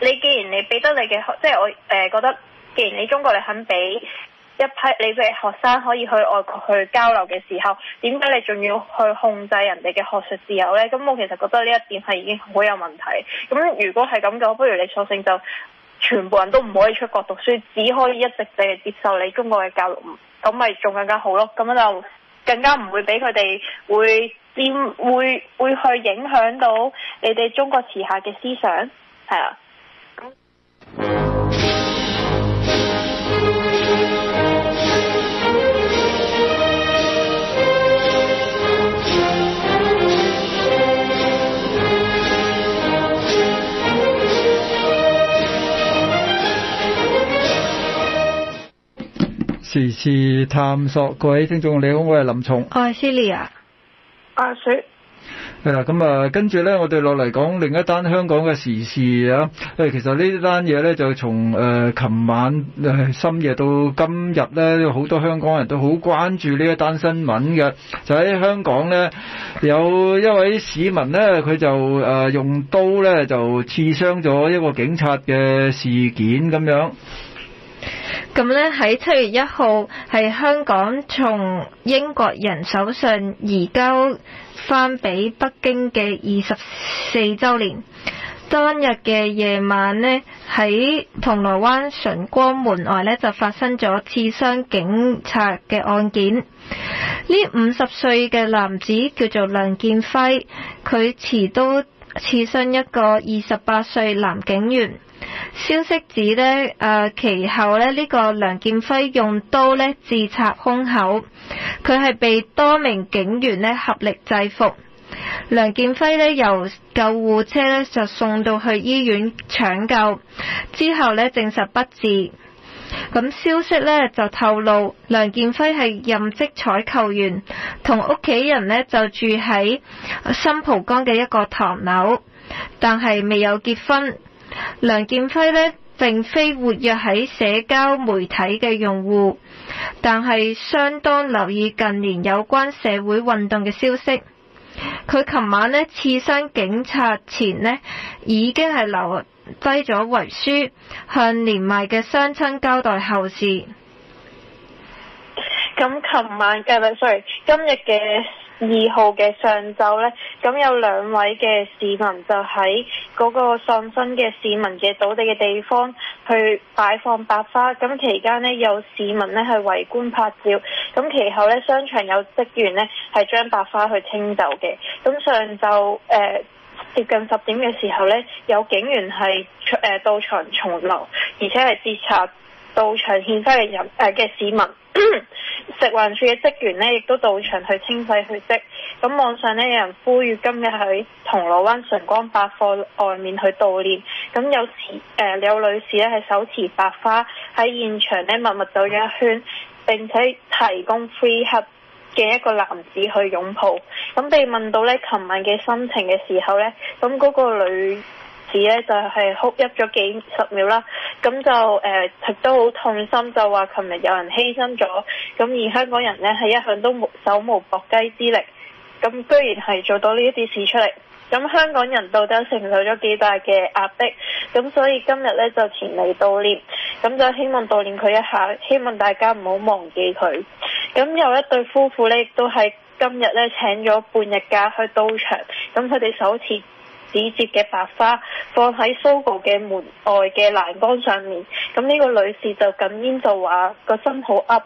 B: 你既然你俾得你嘅，即係我誒覺得，既然你中國你肯俾，一批你哋學生可以去外國去交流嘅時候，點解你仲要去控制人哋嘅學術自由呢？咁我其實覺得呢一點係已經好有問題。咁如果係咁嘅，不如你索性就全部人都唔可以出國讀書，只可以一直淨係接受你中國嘅教育。咁咪仲更加好咯。咁就更加唔會俾佢哋會佔、會去影響到你哋中國時下嘅思想。係啊。
A: 時事探索，各位聽眾你好，我係林松、啊
E: 啊啊，我係 Celia，
A: 阿水。係啦，咁啊，跟住咧，我哋落嚟講另一單香港嘅時事啊。誒，其實呢單嘢咧，就從誒琴晚誒，呃、深夜到今日咧，好多香港人都好關注呢一單新聞嘅。就喺香港咧，有一位市民咧，佢就誒，呃、用刀咧就刺傷咗一個警察嘅事件咁樣。
E: 咁咧，喺七月一號喺香港從英國人手上移交翻俾北京嘅二十四週年，當日嘅夜晚呢，喺銅鑼灣純光門外呢就發生咗刺傷警察嘅案件。呢五十歲嘅男子叫做梁建輝，佢持刀刺傷一個二十八歲男警員。消息指呢，誒，其後呢，呢個梁建輝用刀呢自插胸口，佢係被多名警員呢合力制服，梁建輝呢由救護車呢就送到去醫院搶救，之後呢證實不治。咁消息呢就透露，梁建輝係任職採購員，同屋企人呢就住喺新蒲崗嘅一個唐樓，但係未有結婚。梁建輝呢，並非活躍喺社交媒體嘅用戶，但係相當留意近年有關社會運動嘅消息。佢琴晚呢刺傷警察前呢，已經係留低咗遺書，向年邁嘅雙親交代後事。
B: 咁，琴晚嘅咪，sorry，今日嘅。二號嘅上晝呢，咁有兩位嘅市民就喺嗰個喪生嘅市民嘅倒地嘅地方去擺放白花，咁期間呢，有市民呢係圍觀拍照，咁其後呢，商場有職員呢係將白花去清走嘅，咁上晝、呃、接近十點嘅時候呢，有警員係到場重樓，而且係截查。到場獻花嘅人，誒、呃、嘅市民， 食環署嘅職員呢亦都到場去清洗血迹。咁網上呢，有人呼籲今日喺銅鑼灣崇光百貨外面去悼念。咁有前誒、呃、有女士呢係手持白花喺現場呢默默走咗一圈，並且提供 free hug 嘅一個男子去擁抱。咁被問到呢琴晚嘅心情嘅時候呢，咁嗰個女子咧就係、是、哭泣咗幾十秒啦，咁就誒，亦、呃、都好痛心，就話琴日有人犧牲咗，咁而香港人呢，係一向都無手無縛雞之力，咁居然係做到呢一啲事出嚟，咁香港人到底承受咗幾大嘅壓迫，咁所以今日咧就前嚟悼念，咁就希望悼念佢一下，希望大家唔好忘記佢，咁有一對夫婦咧亦都係今日咧請咗半日假去到場，咁佢哋首次。紙折嘅白花放喺 Sogo 嘅門外嘅欄杆上面，咁呢個女士就咁樣就話、那個心 up，好 up，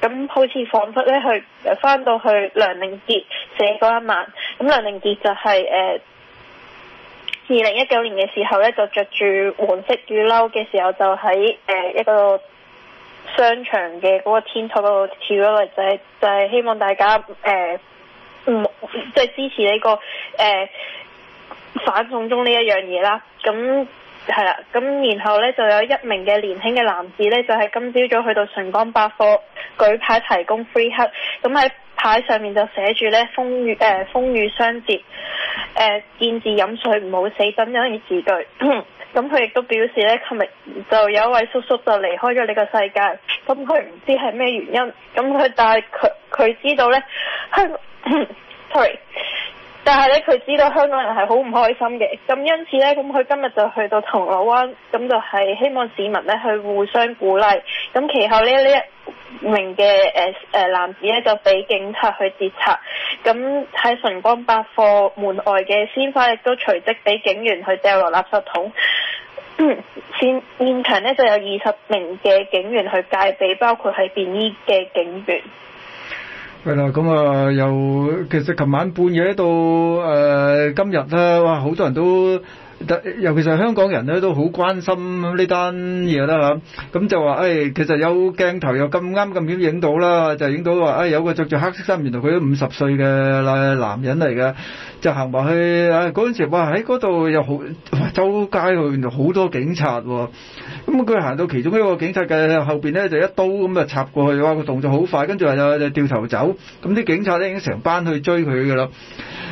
B: 咁好似仿佛咧去翻到去梁凌杰寫嗰一晚，咁梁凌杰就係誒二零一九年嘅時候咧就穿着住黃色雨褸嘅時候就喺誒、呃、一個商場嘅嗰個天台度跳咗嚟，就係、是、就係、是、希望大家誒，唔即係支持呢、這個誒。呃反送中呢一樣嘢啦，咁係啦，咁然後呢，就有一名嘅年輕嘅男子呢，就係、是、今朝早去到順江百貨舉牌提供 free hug，咁喺牌上面就寫住呢風雨誒、呃、風雨相接，誒見字飲水唔好死，噉樣嘅字句，咁佢亦都表示呢琴日就有一位叔叔就離開咗呢個世界，咁佢唔知係咩原因，咁佢但係佢佢知道咧，sorry。但係咧，佢知道香港人係好唔開心嘅，咁因此咧，咁佢今日就去到銅鑼灣，咁就係希望市民咧去互相鼓勵。咁其後呢，呢一名嘅誒誒男子咧就俾警察去截查，咁喺崇光百貨門外嘅鮮花亦都隨即俾警員去掉落垃圾桶。現現場咧就有二十名嘅警員去戒備，包括係便衣嘅警員。
A: 係啦，咁、嗯、啊由其實琴晚半夜到誒、呃、今日啦，哇好多人都～尤其是香港人咧，都好關心呢單嘢啦，咁就話誒、哎，其實有鏡頭又咁啱咁樣影到啦，就影到話，誒、哎、有個着住黑色衫，原來佢都五十歲嘅男人嚟嘅，就行埋去，嗰陣時話喺嗰度又好周街，原來好多警察喎、哦，咁佢行到其中一個警察嘅後邊呢，就一刀咁啊插過去，哇，個動作好快，跟住又掉頭走，咁啲警察呢已經成班去追佢噶啦，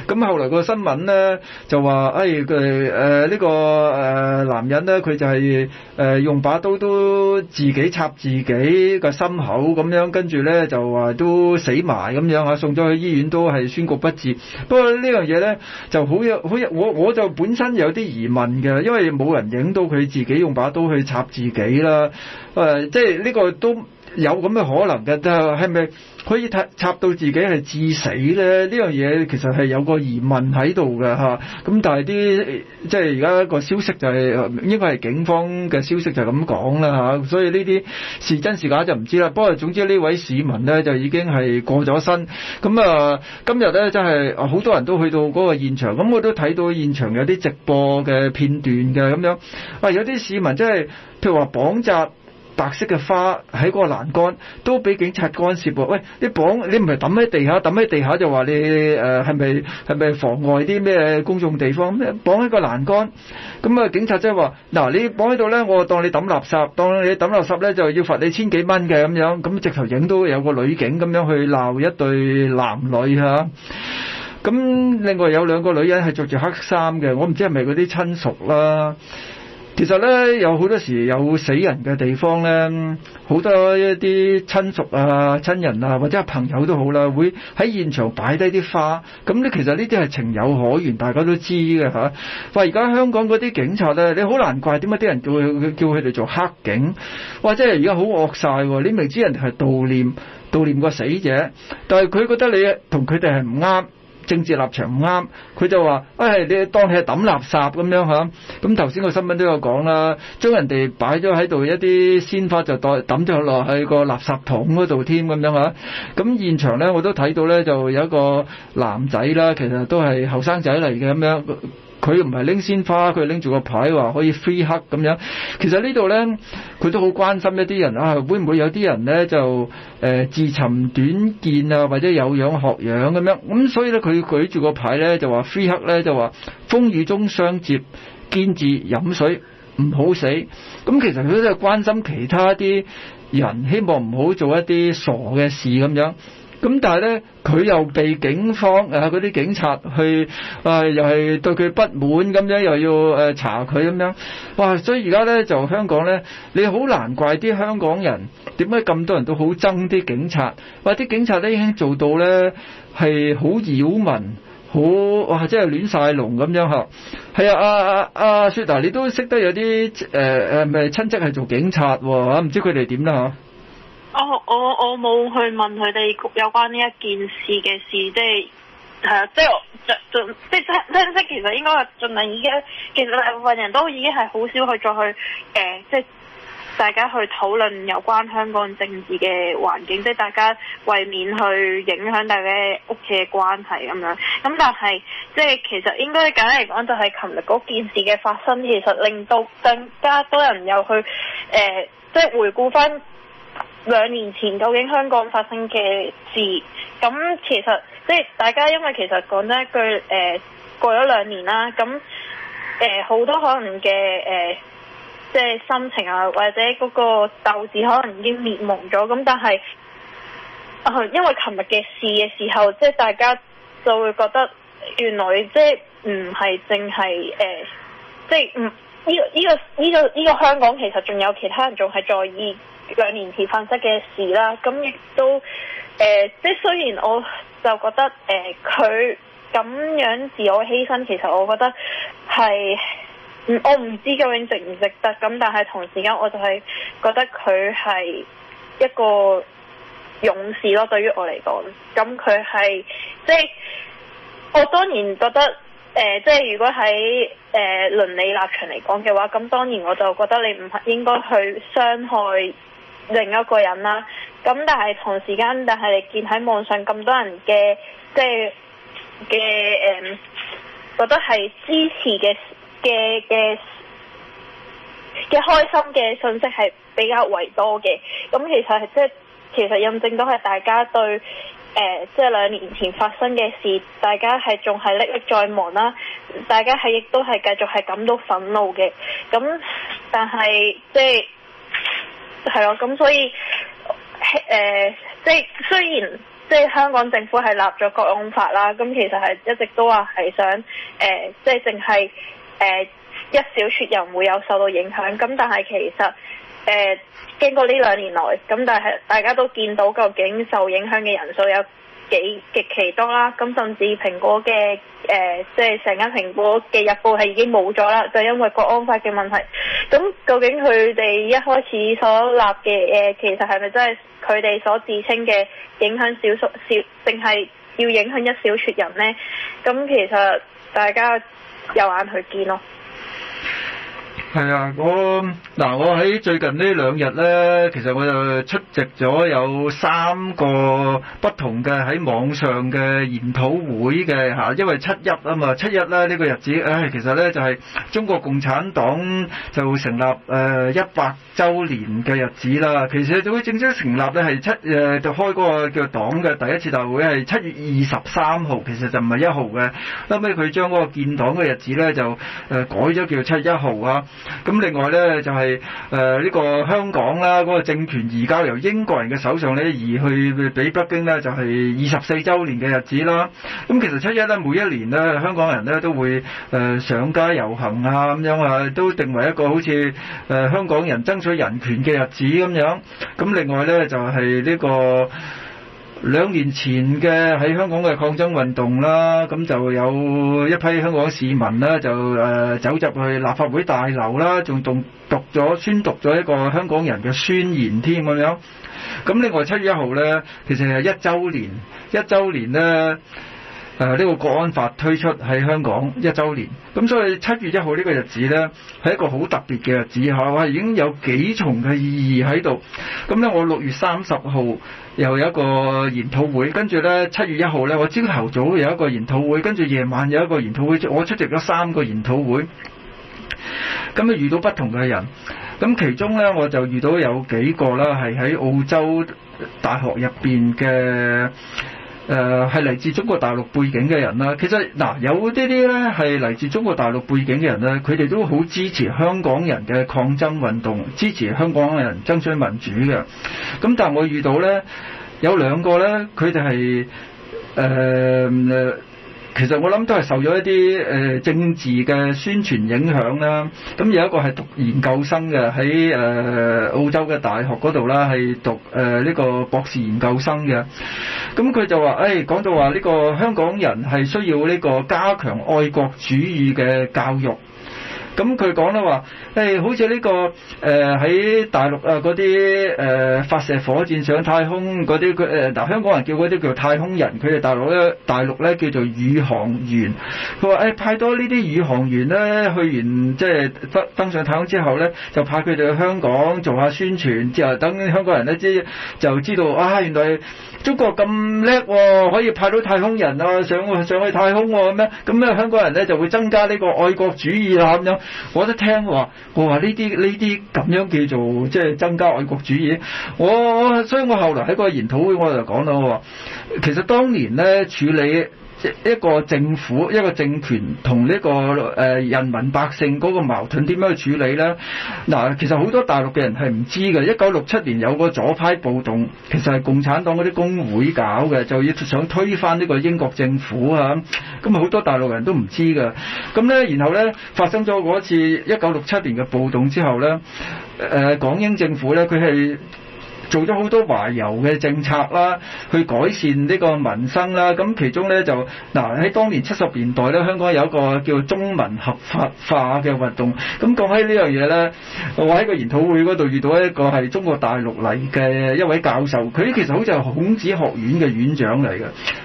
A: 咁後來個新聞呢，就話誒佢誒，呢個誒男人咧，佢就係誒用把刀都自己插自己個心口咁樣，跟住咧就話都死埋咁樣啊，送咗去醫院都係宣告不治。不過這呢樣嘢咧，就好有好有，我我就本身有啲疑問嘅，因為冇人影到佢自己用把刀去插自己啦。誒、呃，即係呢個都。有咁嘅可能嘅，但係係咪可以插插到自己係致死咧？呢樣嘢其實係有個疑問喺度嘅㗎。咁但係啲即係而家一個消息就係、是、應該係警方嘅消息就係咁講啦吓。所以呢啲是真是假就唔知啦。不過總之呢位市民呢，就已經係過咗身。咁、嗯、啊，今日呢，真係好多人都去到嗰個現場。咁、嗯、我都睇到現場有啲直播嘅片段嘅咁樣。喂、嗯，有啲市民真係譬如話綁紮，白色嘅花喺嗰個欄杆都俾警察干涉喎。喂，你綁你唔係抌喺地下，抌喺地下就話你誒係咪係咪妨礙啲咩公眾地方？綁喺個欄杆，咁啊警察即係話嗱，你綁喺度咧，我當你抌垃圾，當你抌垃圾咧就要罰你千幾蚊嘅咁樣。咁直頭影到有個女警咁樣去鬧一對男女嚇。咁另外有兩個女人係着住黑衫嘅，我唔知係咪嗰啲親屬啦。其實咧，有好多時有死人嘅地方咧，好多一啲親屬啊、親人啊，或者係朋友都好啦，會喺現場擺低啲花。咁咧，其實呢啲係情有可原，大家都知嘅吓，喂、啊，而家香港嗰啲警察咧，你好難怪點解啲人叫叫佢哋做黑警。或者係而家好惡曬喎、啊，你明知人哋係悼念悼念個死者，但係佢覺得你同佢哋係唔啱。政治立場唔啱，佢就話，哎，你當係抌垃圾咁樣吓。咁頭先個新聞都有講啦，將人哋擺咗喺度，一啲鮮花就袋抌咗落去個垃圾桶嗰度添咁樣吓。咁現場呢，我都睇到呢，就有一個男仔啦，其實都係後生仔嚟嘅咁樣。佢唔係拎鮮花，佢拎住個牌話可以 free hug 咁樣。其實呢度呢，佢都好關心一啲人啊，會唔會有啲人呢就、呃、自尋短見啊，或者有樣學樣咁樣？咁、嗯、所以呢，佢舉住個牌呢就話 free hug 呢就話風雨中相接，堅持飲水唔好死。咁、嗯、其實佢都係關心其他啲人，希望唔好做一啲傻嘅事咁樣。咁但係咧，佢又被警方嗰啲警察去又係對佢不滿咁樣，又要查佢咁樣，哇！所以而家咧就香港咧，你好難怪啲香港人點解咁多人都好憎啲警察，話啲警察咧已經做到咧係好擾民，好哇，即係亂曬龍咁樣嚇。係啊，阿阿阿雪達，你都識得有啲誒咪親戚係做警察喎，唔知佢哋點啦嚇。
B: 我我我冇去問佢哋有關呢一件事嘅事，即係，係啊，即係我盡即係即係其實應該盡量已經，其實大部分人都已經係好少去再去誒、呃，即係大家去討論有關香港政治嘅環境，即係大家為免去影響大家屋企嘅關係咁樣。咁但係即係其實應該簡單嚟講，就係琴日嗰件事嘅發生，其實令到更加多人又去誒、呃，即係回顧翻。兩年前究竟香港發生嘅事，咁其實即係大家因為其實講真一句誒、呃，過咗兩年啦，咁誒好多可能嘅誒、呃，即係心情啊，或者嗰個鬥志可能已經滅亡咗，咁但係、呃，因為琴日嘅事嘅時候，即係大家就會覺得原來即係唔係淨係誒，即係唔呢個呢個呢個呢個香港其實仲有其他人仲係在，在意。兩年前發生嘅事啦，咁亦都誒、呃，即係雖然我就覺得誒佢咁樣自我犧牲，其實我覺得係，我唔知究竟值唔值得咁，但係同時間我就係覺得佢係一個勇士咯。對於我嚟講，咁佢係即係我當然覺得誒、呃，即係如果喺誒倫理立場嚟講嘅話，咁當然我就覺得你唔應該去傷害。另一個人啦，咁但係同時間，但係你見喺網上咁多人嘅，即係嘅誒覺得係支持嘅嘅嘅嘅開心嘅信息係比較為多嘅。咁其實即係、就是、其實印證到係大家對誒即係兩年前發生嘅事，大家係仲係歷歷在目啦。大家係亦都係繼續係感到憤怒嘅。咁但係即係。就是係咯，咁所以，誒、呃，即係雖然，即係香港政府係立咗國安法啦，咁其實係一直都話係想，誒、呃，即係淨係，誒、呃，一小撮人會有受到影響，咁但係其實，誒、呃，經過呢兩年來，咁但係大家都見到究竟受影響嘅人數有幾極其多啦，咁甚至蘋果嘅誒，即係成間蘋果嘅日報係已經冇咗啦，就因為國安法嘅問題。咁究竟佢哋一開始所立嘅嘢，呃，其實係咪真係佢哋所自稱嘅影響少數少，定係要影響一小撮人呢？咁其實大家有眼去見咯。
A: 係啊，我嗱我喺最近呢兩日呢，其實我就出席咗有三個不同嘅喺網上嘅研討會嘅嚇，因為七一啊嘛，七一呢、呢個日子，哎、其實呢就係、是、中國共產黨就成立一百、呃、週年嘅日子啦。其實就會正式成立呢係七、呃、就開嗰個叫黨嘅第一次大會係七月二十三號，其實就唔係一號嘅。後尾佢將嗰個建黨嘅日子呢，就、呃、改咗叫七一號啊。咁另外呢，就係誒呢個香港啦，嗰個政權移交由英國人嘅手上呢，移去俾北京呢，就係二十四週年嘅日子啦。咁其實七一呢每一年呢，香港人呢都會、呃、上街遊行啊咁樣啊，都定為一個好似、呃、香港人爭取人權嘅日子咁樣。咁另外呢，就係呢個。兩年前嘅喺香港嘅抗爭運動啦，咁就有一批香港市民啦就誒、呃、走入去立法會大樓啦，仲讀咗宣讀咗一個香港人嘅宣言添咁樣。咁另外七月一號呢，其實係一週年，一週年呢。誒、這、呢個國安法推出喺香港一週年，咁所以七月一號呢個日子呢，係一個好特別嘅日子。我已經有幾重嘅意義喺度。咁呢，我六月三十號又有一個研討會，跟住呢七月一號呢，我朝頭早有一個研討會，跟住夜晚有一個研討會，我出席咗三個研討會。咁咧遇到不同嘅人，咁其中呢，我就遇到有幾個啦係喺澳洲大學入面嘅。誒，係嚟自中國大陸背景嘅人啦，其實嗱，有啲啲呢係嚟自中國大陸背景嘅人呢，佢哋都好支持香港人嘅抗爭運動，支持香港人爭取民主嘅。咁但係我遇到呢，有兩個呢，佢哋係誒。其實我諗都係受咗一啲政治嘅宣傳影響啦。咁有一個係讀研究生嘅，喺澳洲嘅大學嗰度啦，係讀呢個博士研究生嘅。咁佢就話：誒、哎、講到話呢個香港人係需要呢個加強愛國主義嘅教育。咁佢講啦話，誒、哎、好似呢、呢個誒喺、呃、大陸啊嗰啲誒發射火箭上太空嗰啲佢嗱香港人叫嗰啲叫太空人，佢哋大陸咧大陸咧叫做宇航員。佢話誒派多呢啲宇航員咧去完即係登登上太空之後咧，就派佢哋去香港做下宣傳，之後等香港人咧知就知道啊原來中國咁叻喎，可以派到太空人啊上上去太空啊咁樣咁咧香港人咧就會增加呢個愛國主義啦咁樣。我都聽話，我話呢啲呢啲咁樣叫做即係增加愛國主義。我我所以我後來喺個研討會我就講到，我話其實當年咧處理。一個政府一個政權同呢個誒人民百姓嗰個矛盾點樣去處理呢？嗱，其實好多大陸嘅人係唔知嘅。一九六七年有個左派暴動，其實係共產黨嗰啲工會搞嘅，就要想推翻呢個英國政府啊！咁咪好多大陸人都唔知㗎。咁呢，然後呢，發生咗嗰次一九六七年嘅暴動之後呢，誒港英政府呢，佢係，做咗好多懷柔嘅政策啦，去改善呢個民生啦。咁其中呢，就嗱喺當年七十年代咧，香港有一個叫做中文合法化嘅運動。咁講起呢樣嘢呢，我喺個研討會嗰度遇到一個係中國大陸嚟嘅一位教授，佢其實好似係孔子學院嘅院長嚟嘅。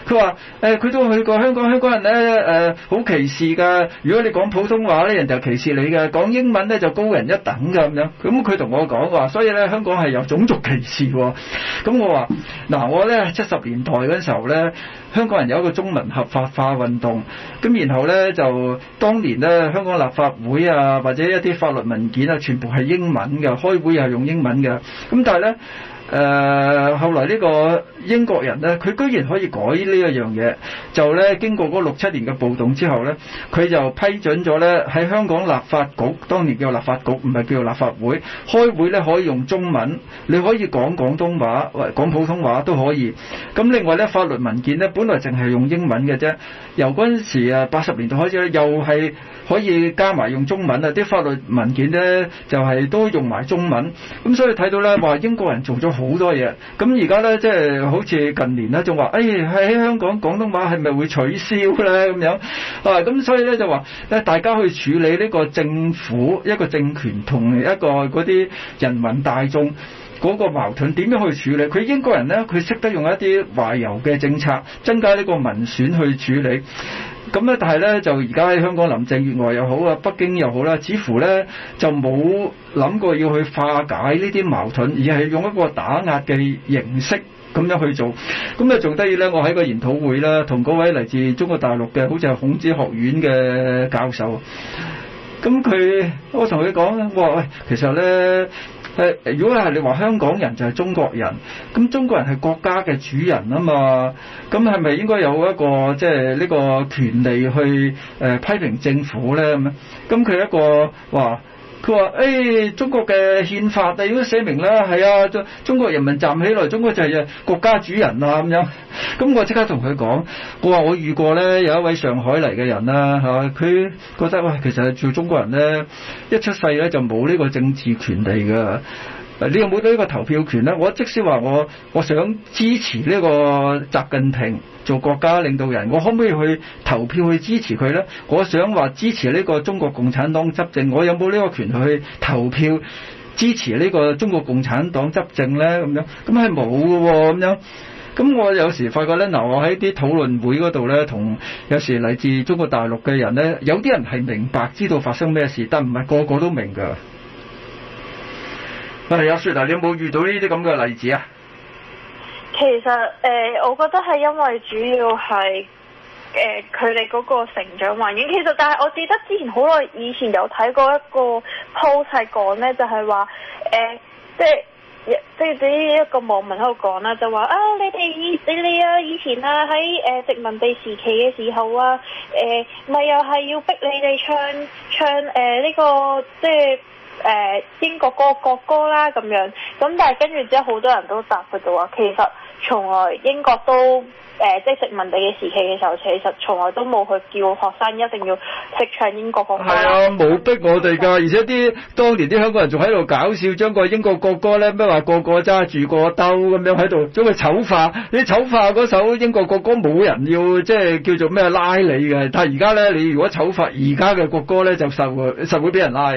A: 佢話：誒、呃，佢都去過香港，香港人呢誒好、呃、歧視㗎。如果你講普通話呢，人就歧視你㗎；講英文呢，就高人一等㗎咁樣。咁佢同我講話，所以呢，香港係有種族歧視。咁我話嗱，我咧七十年代嗰陣時候咧，香港人有一個中文合法化運動，咁然後咧就當年咧香港立法會啊，或者一啲法律文件啊，全部係英文嘅，開會又係用英文嘅，咁但係咧。誒、呃、後來呢個英國人呢，佢居然可以改呢一樣嘢，就呢經過嗰六七年嘅暴動之後呢，佢就批准咗呢。喺香港立法局，當年叫立法局，唔係叫做立法會，開會呢可以用中文，你可以講廣東話或講普通話都可以。咁另外呢，法律文件呢，本來淨係用英文嘅啫，由嗰陣時啊八十年代開始呢，又係可以加埋用中文啊，啲法律文件呢，就係、是、都用埋中文。咁所以睇到呢話英國人做咗。好多嘢，咁而家呢，即係好似近年呢，仲話：「誒喺香港廣東話係咪會取消呢？」咁樣，啊咁所以呢，就話大家去處理呢個政府一個政權同一個嗰啲人民大眾嗰個矛盾點樣去處理？佢英國人呢，佢識得用一啲懷柔嘅政策增加呢個民選去處理。咁咧，但係咧就而家喺香港、林鄭月娥又好啊，北京又好啦，似乎咧就冇諗過要去化解呢啲矛盾，而係用一個打壓嘅形式咁樣去做。咁咧仲得意咧，我喺個研討會啦，同嗰位嚟自中國大陸嘅，好似係孔子學院嘅教授。咁佢，我同佢講咧，我話喂，其實咧。誒，如果係你話香港人就係中國人，咁中國人係國家嘅主人啊嘛，咁係咪應該有一個即係呢個權利去誒批評政府咧咁咧？咁佢一個話。佢話：誒、哎，中國嘅憲法啊，如果寫明啦，係啊，中中國人民站起來，中國就係誒國家主人啊，咁樣。咁我即刻同佢講，我話我遇過呢，有一位上海嚟嘅人啦，嚇、啊，佢覺得喂、哎，其實做中國人呢，一出世呢就冇呢個政治權利㗎。你有冇呢個投票權呢？我即使話我我想支持呢個習近平做國家領導人，我可唔可以去投票去支持佢呢？我想話支持呢個中國共產黨執政，我有冇呢個權去投票支持呢個中國共產黨執政呢？咁樣咁係冇嘅喎，咁樣咁我有時發覺呢，嗱我喺啲討論會嗰度呢，同有時嚟自中國大陸嘅人呢，有啲人係明白知道發生咩事，但唔係個個都明㗎。喂，阿雪，嗱，你有冇遇到呢啲咁嘅例子啊？
B: 其實誒、呃，我覺得係因為主要係誒佢哋嗰個成長環境。其實但係我記得之前好耐以前有睇過一個 post 係講咧，就係話誒即係即係呢一個網民喺度講啦，就話啊你哋你你啊以前啊喺誒、呃、殖民地時期嘅時候啊誒，咪、呃、又係要逼你哋唱唱誒呢、呃這個即係。誒英國嗰國歌啦，咁樣咁，但係跟住之後好多人都答佢就話，其實從來英國都誒、呃，即係殖民地嘅時期嘅時候，其實從來都冇去叫學生一定要識唱英國，啊嗯、英國國
A: 歌。係啊，冇逼我哋㗎。而且啲當年啲香港人仲喺度搞笑，將個英國國歌咧，咩話個個揸住個兜咁樣喺度將佢醜化。你醜化嗰首英國國歌冇人要，即係叫做咩拉你嘅。但係而家咧，你如果醜化而家嘅國歌咧，就實會俾人拉。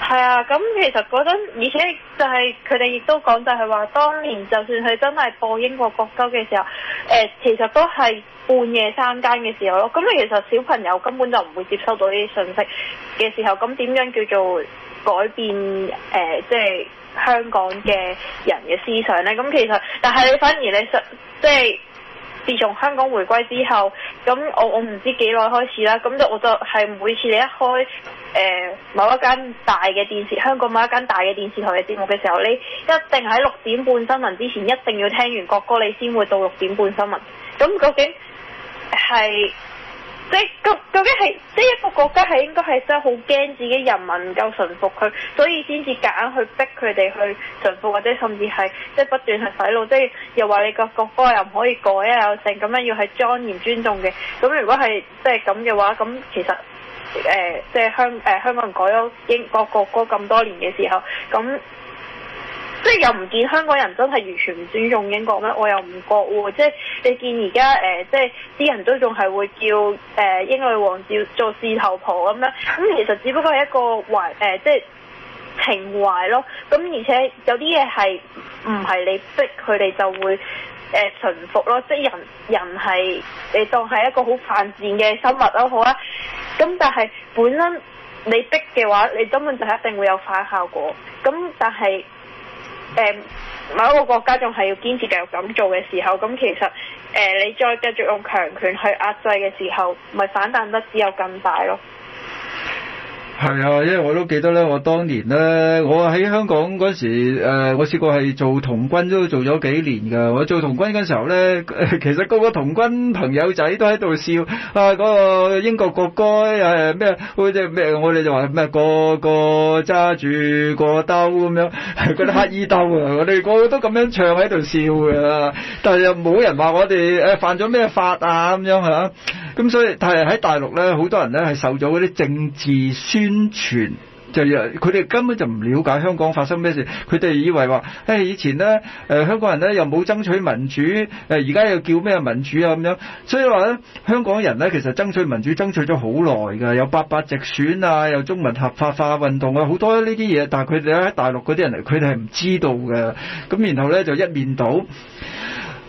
B: 係啊，咁其實嗰陣，而且就係佢哋亦都講，就係話當年就算佢真係播英國國歌嘅時候，誒、呃，其實都係半夜三更嘅時候咯。咁你其實小朋友根本就唔會接收到呢啲信息嘅時候，咁點樣叫做改變誒，即、呃、係、就是、香港嘅人嘅思想咧？咁其實，但係你反而你實即係。就是自從香港回歸之後，咁我我唔知幾耐開始啦，咁就我就係每次你一開誒、呃、某一間大嘅電視，香港某一間大嘅電視台嘅節目嘅時候，你一定喺六點半新聞之前一定要聽完國歌，你先會到六點半新聞。咁究竟係？即係，究竟係，即係一個國家係應該係真係好驚自己人民唔夠馴服佢，所以先至夾硬去逼佢哋去馴服，或者甚至係即係不斷去洗腦，即係又話你個國歌又唔可以改啊，又成咁樣要係莊嚴尊重嘅。咁如果係即係咁嘅話，咁其實誒、呃，即係香誒香港人改咗英國國歌咁多年嘅時候，咁。即係又唔見香港人真係完全唔尊重英國咩？我又唔覺喎。即係你見而家、呃、即係啲人都仲係會叫誒、呃、英女王做做事頭婆咁樣。咁其實只不過係一個懷、呃、即係情懷咯。咁而且有啲嘢係唔係你逼佢哋就會誒馴服咯？即係人人係你當係一個好犯賤嘅生物囉。好啦，咁但係本身你逼嘅話，你根本就一定會有反效果。咁但係。嗯、某一個國家仲係要堅持繼續咁做嘅時候，咁其實誒、嗯、你再繼續用強權去壓制嘅時候，咪反彈得只有更大咯。
A: 係啊，因為我都記得咧，我當年咧，我喺香港陣時誒、呃、我試過係做童軍都做咗幾年㗎。我做童軍陣時候咧，其實個個童軍朋友仔都喺度笑啊，嗰個英國國歌誒咩好似咩，我哋就話咩個個揸住個兜咁樣啲乞兒兜啊，我哋個個都咁樣唱喺度笑㗎。但係又冇人話我哋誒犯咗咩法啊咁樣吓咁、啊、所以但係喺大陸咧，好多人咧係受咗啲政治書。宣傳就佢哋根本就唔了解香港發生咩事，佢哋以為話誒、欸、以前呢，誒、呃、香港人呢又冇爭取民主誒，而、呃、家又叫咩民主啊咁樣，所以話呢，香港人呢其實爭取民主爭取咗好耐㗎，有八八直選啊，有中文合法化運動啊，好多呢啲嘢，但係佢哋喺大陸嗰啲人嚟，佢哋係唔知道嘅。咁然後呢，就一面倒，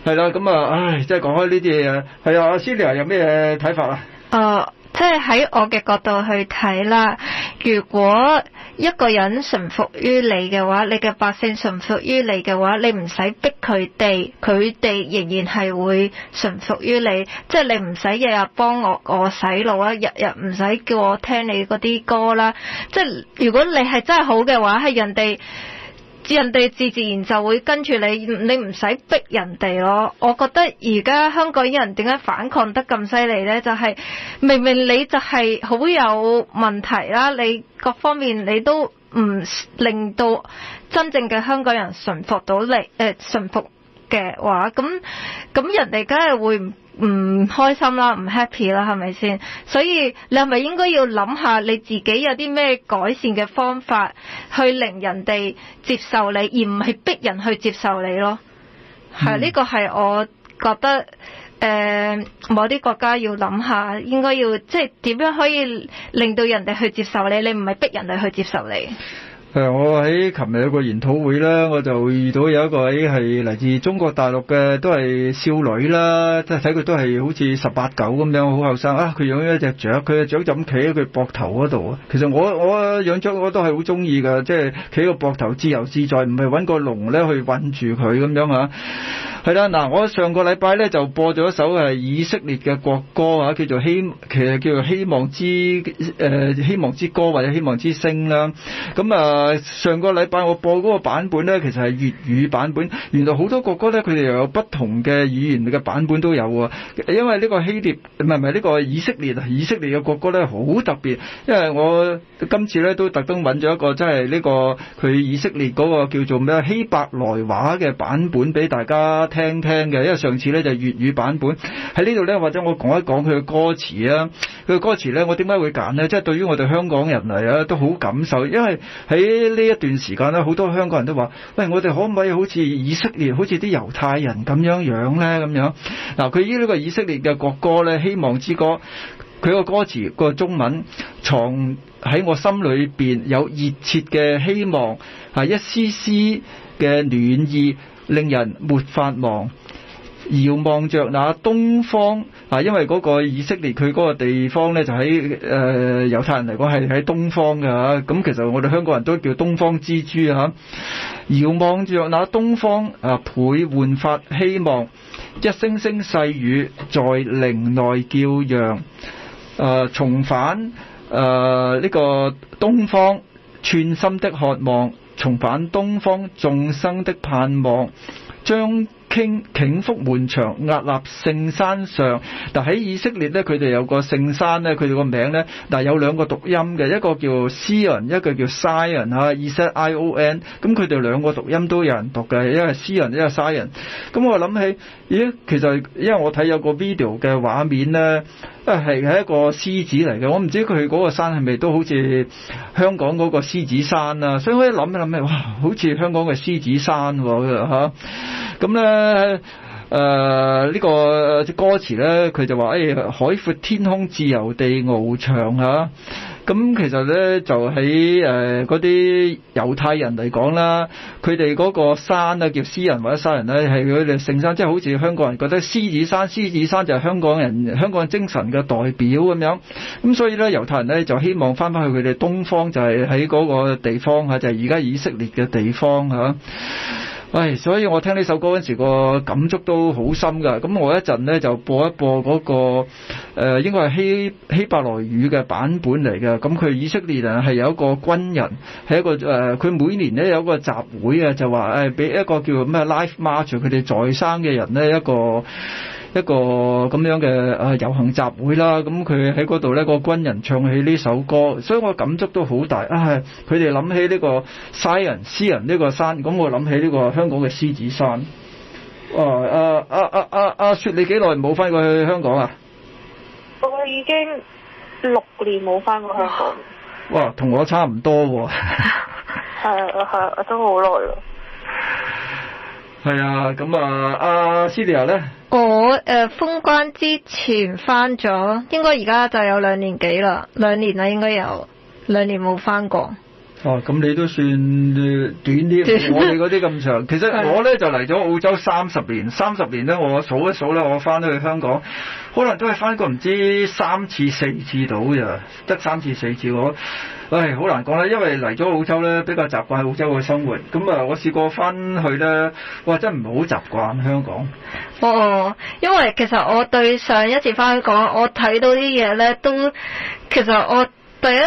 A: 係啦。咁啊，唉，即係講開呢啲嘢誒，係啊，阿 Celia 有咩睇法啊？
E: 啊、uh！即係喺我嘅角度去睇啦，如果一個人臣服於你嘅話，你嘅百姓臣服於你嘅話，你唔使逼佢哋，佢哋仍然係會臣服於你。即係你唔使日日幫我我洗腦呀，日日唔使叫我聽你嗰啲歌啦。即係如果你係真係好嘅話，係人哋。人哋自自然就會跟住你，你唔使逼人哋咯。我覺得而家香港人點解反抗得咁犀利呢？就係、是、明明你就係好有問題啦，你各方面你都唔令到真正嘅香港人順服到你。誒、呃、順服嘅話，咁咁人哋梗係會唔開心啦，唔 happy 啦，係咪先？所以你係咪應該要諗下你自己有啲咩改善嘅方法，去令人哋接受你，而唔係逼人去接受你咯？係、嗯、呢、呢個係我覺得，誒、呃，某啲國家要諗下，應該要即係點樣可以令到人哋去接受你，你唔係逼人哋去接受你。
A: 誒，我喺琴日有個研討會呢，我就遇到有一個位係嚟自中國大陸嘅，都係少女啦，即係睇佢都係好似十八九咁樣，好後生啊！佢養咗一隻雀，佢嘅雀就咁企喺佢膊頭嗰度啊。其實我我養雀我都係好中意㗎，即係企個膊頭自由自在，唔係搵個籠咧去搵住佢咁樣啊。係啦，嗱，我上個禮拜咧就播咗一首係以色列嘅國歌啊，叫做希，其實叫做希望之、呃、希望之歌或者希望之聲啦。咁啊～上個禮拜我播嗰個版本呢，其實係粵語版本。原來好多國歌呢，佢哋又有不同嘅語言嘅版本都有喎、啊。因為呢個希臘唔係唔係呢個以色列以色列嘅國歌呢，好特別。因為我今次呢，都特登揾咗一個，即係呢個佢以色列嗰個叫做咩希伯來話嘅版本俾大家聽聽嘅。因為上次呢，就係、粵語版本喺呢度呢，或者我講一講佢嘅歌詞啊，佢嘅歌詞呢，我點解會揀呢？即、就、係、是、對於我哋香港人嚟啊，都好感受，因為喺呢呢一段時間咧，好多香港人都話：「喂，我哋可唔可以好似以色列，好似啲猶太人咁樣樣呢？」咁樣，嗱，佢呢個以色列嘅國歌呢，《希望之歌》，佢個歌詞個中文藏喺我心裏面，有熱切嘅希望，係一絲絲嘅暖意，令人沒法忘。遙望着那東方啊，因為嗰個以色列佢嗰個地方呢就喺誒猶太人嚟講係喺東方嘅嚇，咁其實我哋香港人都叫東方之珠嚇。遙望著那東方啊，倍煥發希望，一聲聲細語在靈內叫揚。誒，重返誒呢個東方，寸心的渴望，重返東方眾生的盼望，將。傾傾覆門牆，壓立聖山上。但喺以色列咧，佢哋有個聖山咧，佢哋個名咧，但係有兩個讀音嘅，一個叫 zion，一個叫 s、啊、i o n 啊，isaion，咁佢哋兩個讀音都有人讀嘅，一係 zion，一係 s i o n，咁我諗起，咦，其實因為我睇有個 video 嘅畫面咧。啊，係係一個獅子嚟嘅，我唔知佢嗰個山係咪都好似香港嗰個獅子山啊。所以我一諗一諗係，哇，好似香港嘅獅子山喎、吓，咁、啊、咧。咁呢誒、呃、呢、這個啲歌詞呢，佢就話：誒、哎、海闊天空，自由地翱翔嚇。咁其實呢，就喺誒嗰啲猶太人嚟講啦，佢哋嗰個山咧叫獅人或者山人呢，係佢哋聖山，即、就、係、是、好似香港人覺得獅子山，獅子山就係香港人香港精神嘅代表咁樣。咁所以呢，猶太人呢，就希望翻返去佢哋東方，就是在那個地方，就係喺嗰個地方嚇，就係而家以色列嘅地方嚇、啊。唉，所以我聽呢首歌嗰陣時，個感觸都好深㗎。咁我一陣呢就播一播嗰、嗰個、呃、應該係希希伯來語嘅版本嚟嘅。咁佢以色列人係有一個軍人，係一個誒，佢、呃、每年呢有一個集會啊，就話誒俾一個叫咩 Life March，佢哋在生嘅人呢一個。一個咁樣嘅啊遊行集會啦，咁佢喺嗰度呢個軍人唱起呢首歌，所以我感觸都好大啊！佢哋諗起呢個山人獅人呢個山，咁我諗起呢個香港嘅獅子山。啊啊啊啊啊！雪、啊啊啊、你幾耐冇翻過去香港啊？我已經六年
B: 冇翻過香
A: 港。哇，同我差唔多喎。
B: 係啊係啊，我都好
A: 耐咯。係啊，咁啊，阿 Celia 咧。
E: 我呃、封關之前翻咗，應該而家就有兩年幾啦，兩年啦應該有兩年冇翻過。
A: 哦，咁你都算短啲，我哋嗰啲咁長。 其實我呢就嚟咗澳洲三十年，三十年呢我數一數呢，我翻咗去香港，可能都係翻過唔知三次四次到咋，得三次四次。我，唉，好難講啦，因為嚟咗澳洲呢比較習慣澳洲嘅生活，咁啊，我試過翻去呢，哇，真係唔係好習慣香港。
E: 哦，因為其實我對上一次翻香港，我睇到啲嘢呢都，其實我。第一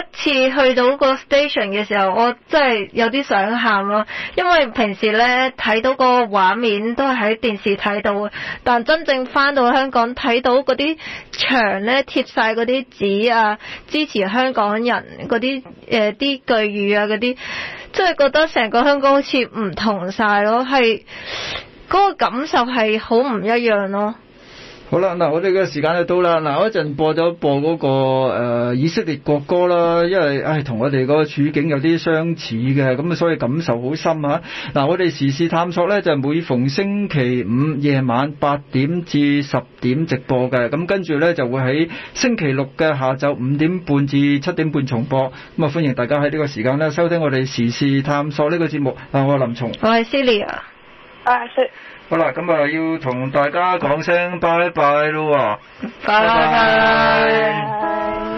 E: 次去到個 station 嘅時候，我真係有啲想喊咯，因為平時咧睇到嗰個畫面都係喺電視睇到嘅，但真正翻到香港睇到嗰啲牆咧貼晒嗰啲紙啊，支持香港人嗰啲誒啲句語啊嗰啲，真係、就是、覺得成個香港好似唔同晒咯，係嗰、個感受係好唔一樣咯。
A: 好啦，嗱，我哋嘅時間就到啦。嗱、我，一陣播咗播嗰個誒以色列國歌啦，因為唉，同我哋嗰個處境有啲相似嘅，咁啊，所以感受好深啊。嗱，我哋時事探索呢，就係、每逢星期五夜晚八點至十點直播嘅，咁跟住呢，就會喺星期六嘅下晝五點半至七點半重播。咁啊，歡迎大家喺呢個時間呢收聽我哋時事探索呢個節目。啊、我係林松，
E: 我係 Celia
A: 啊。好啦，咁啊，要同大家講聲拜拜咯喎，Bye 拜拜。Bye. Bye.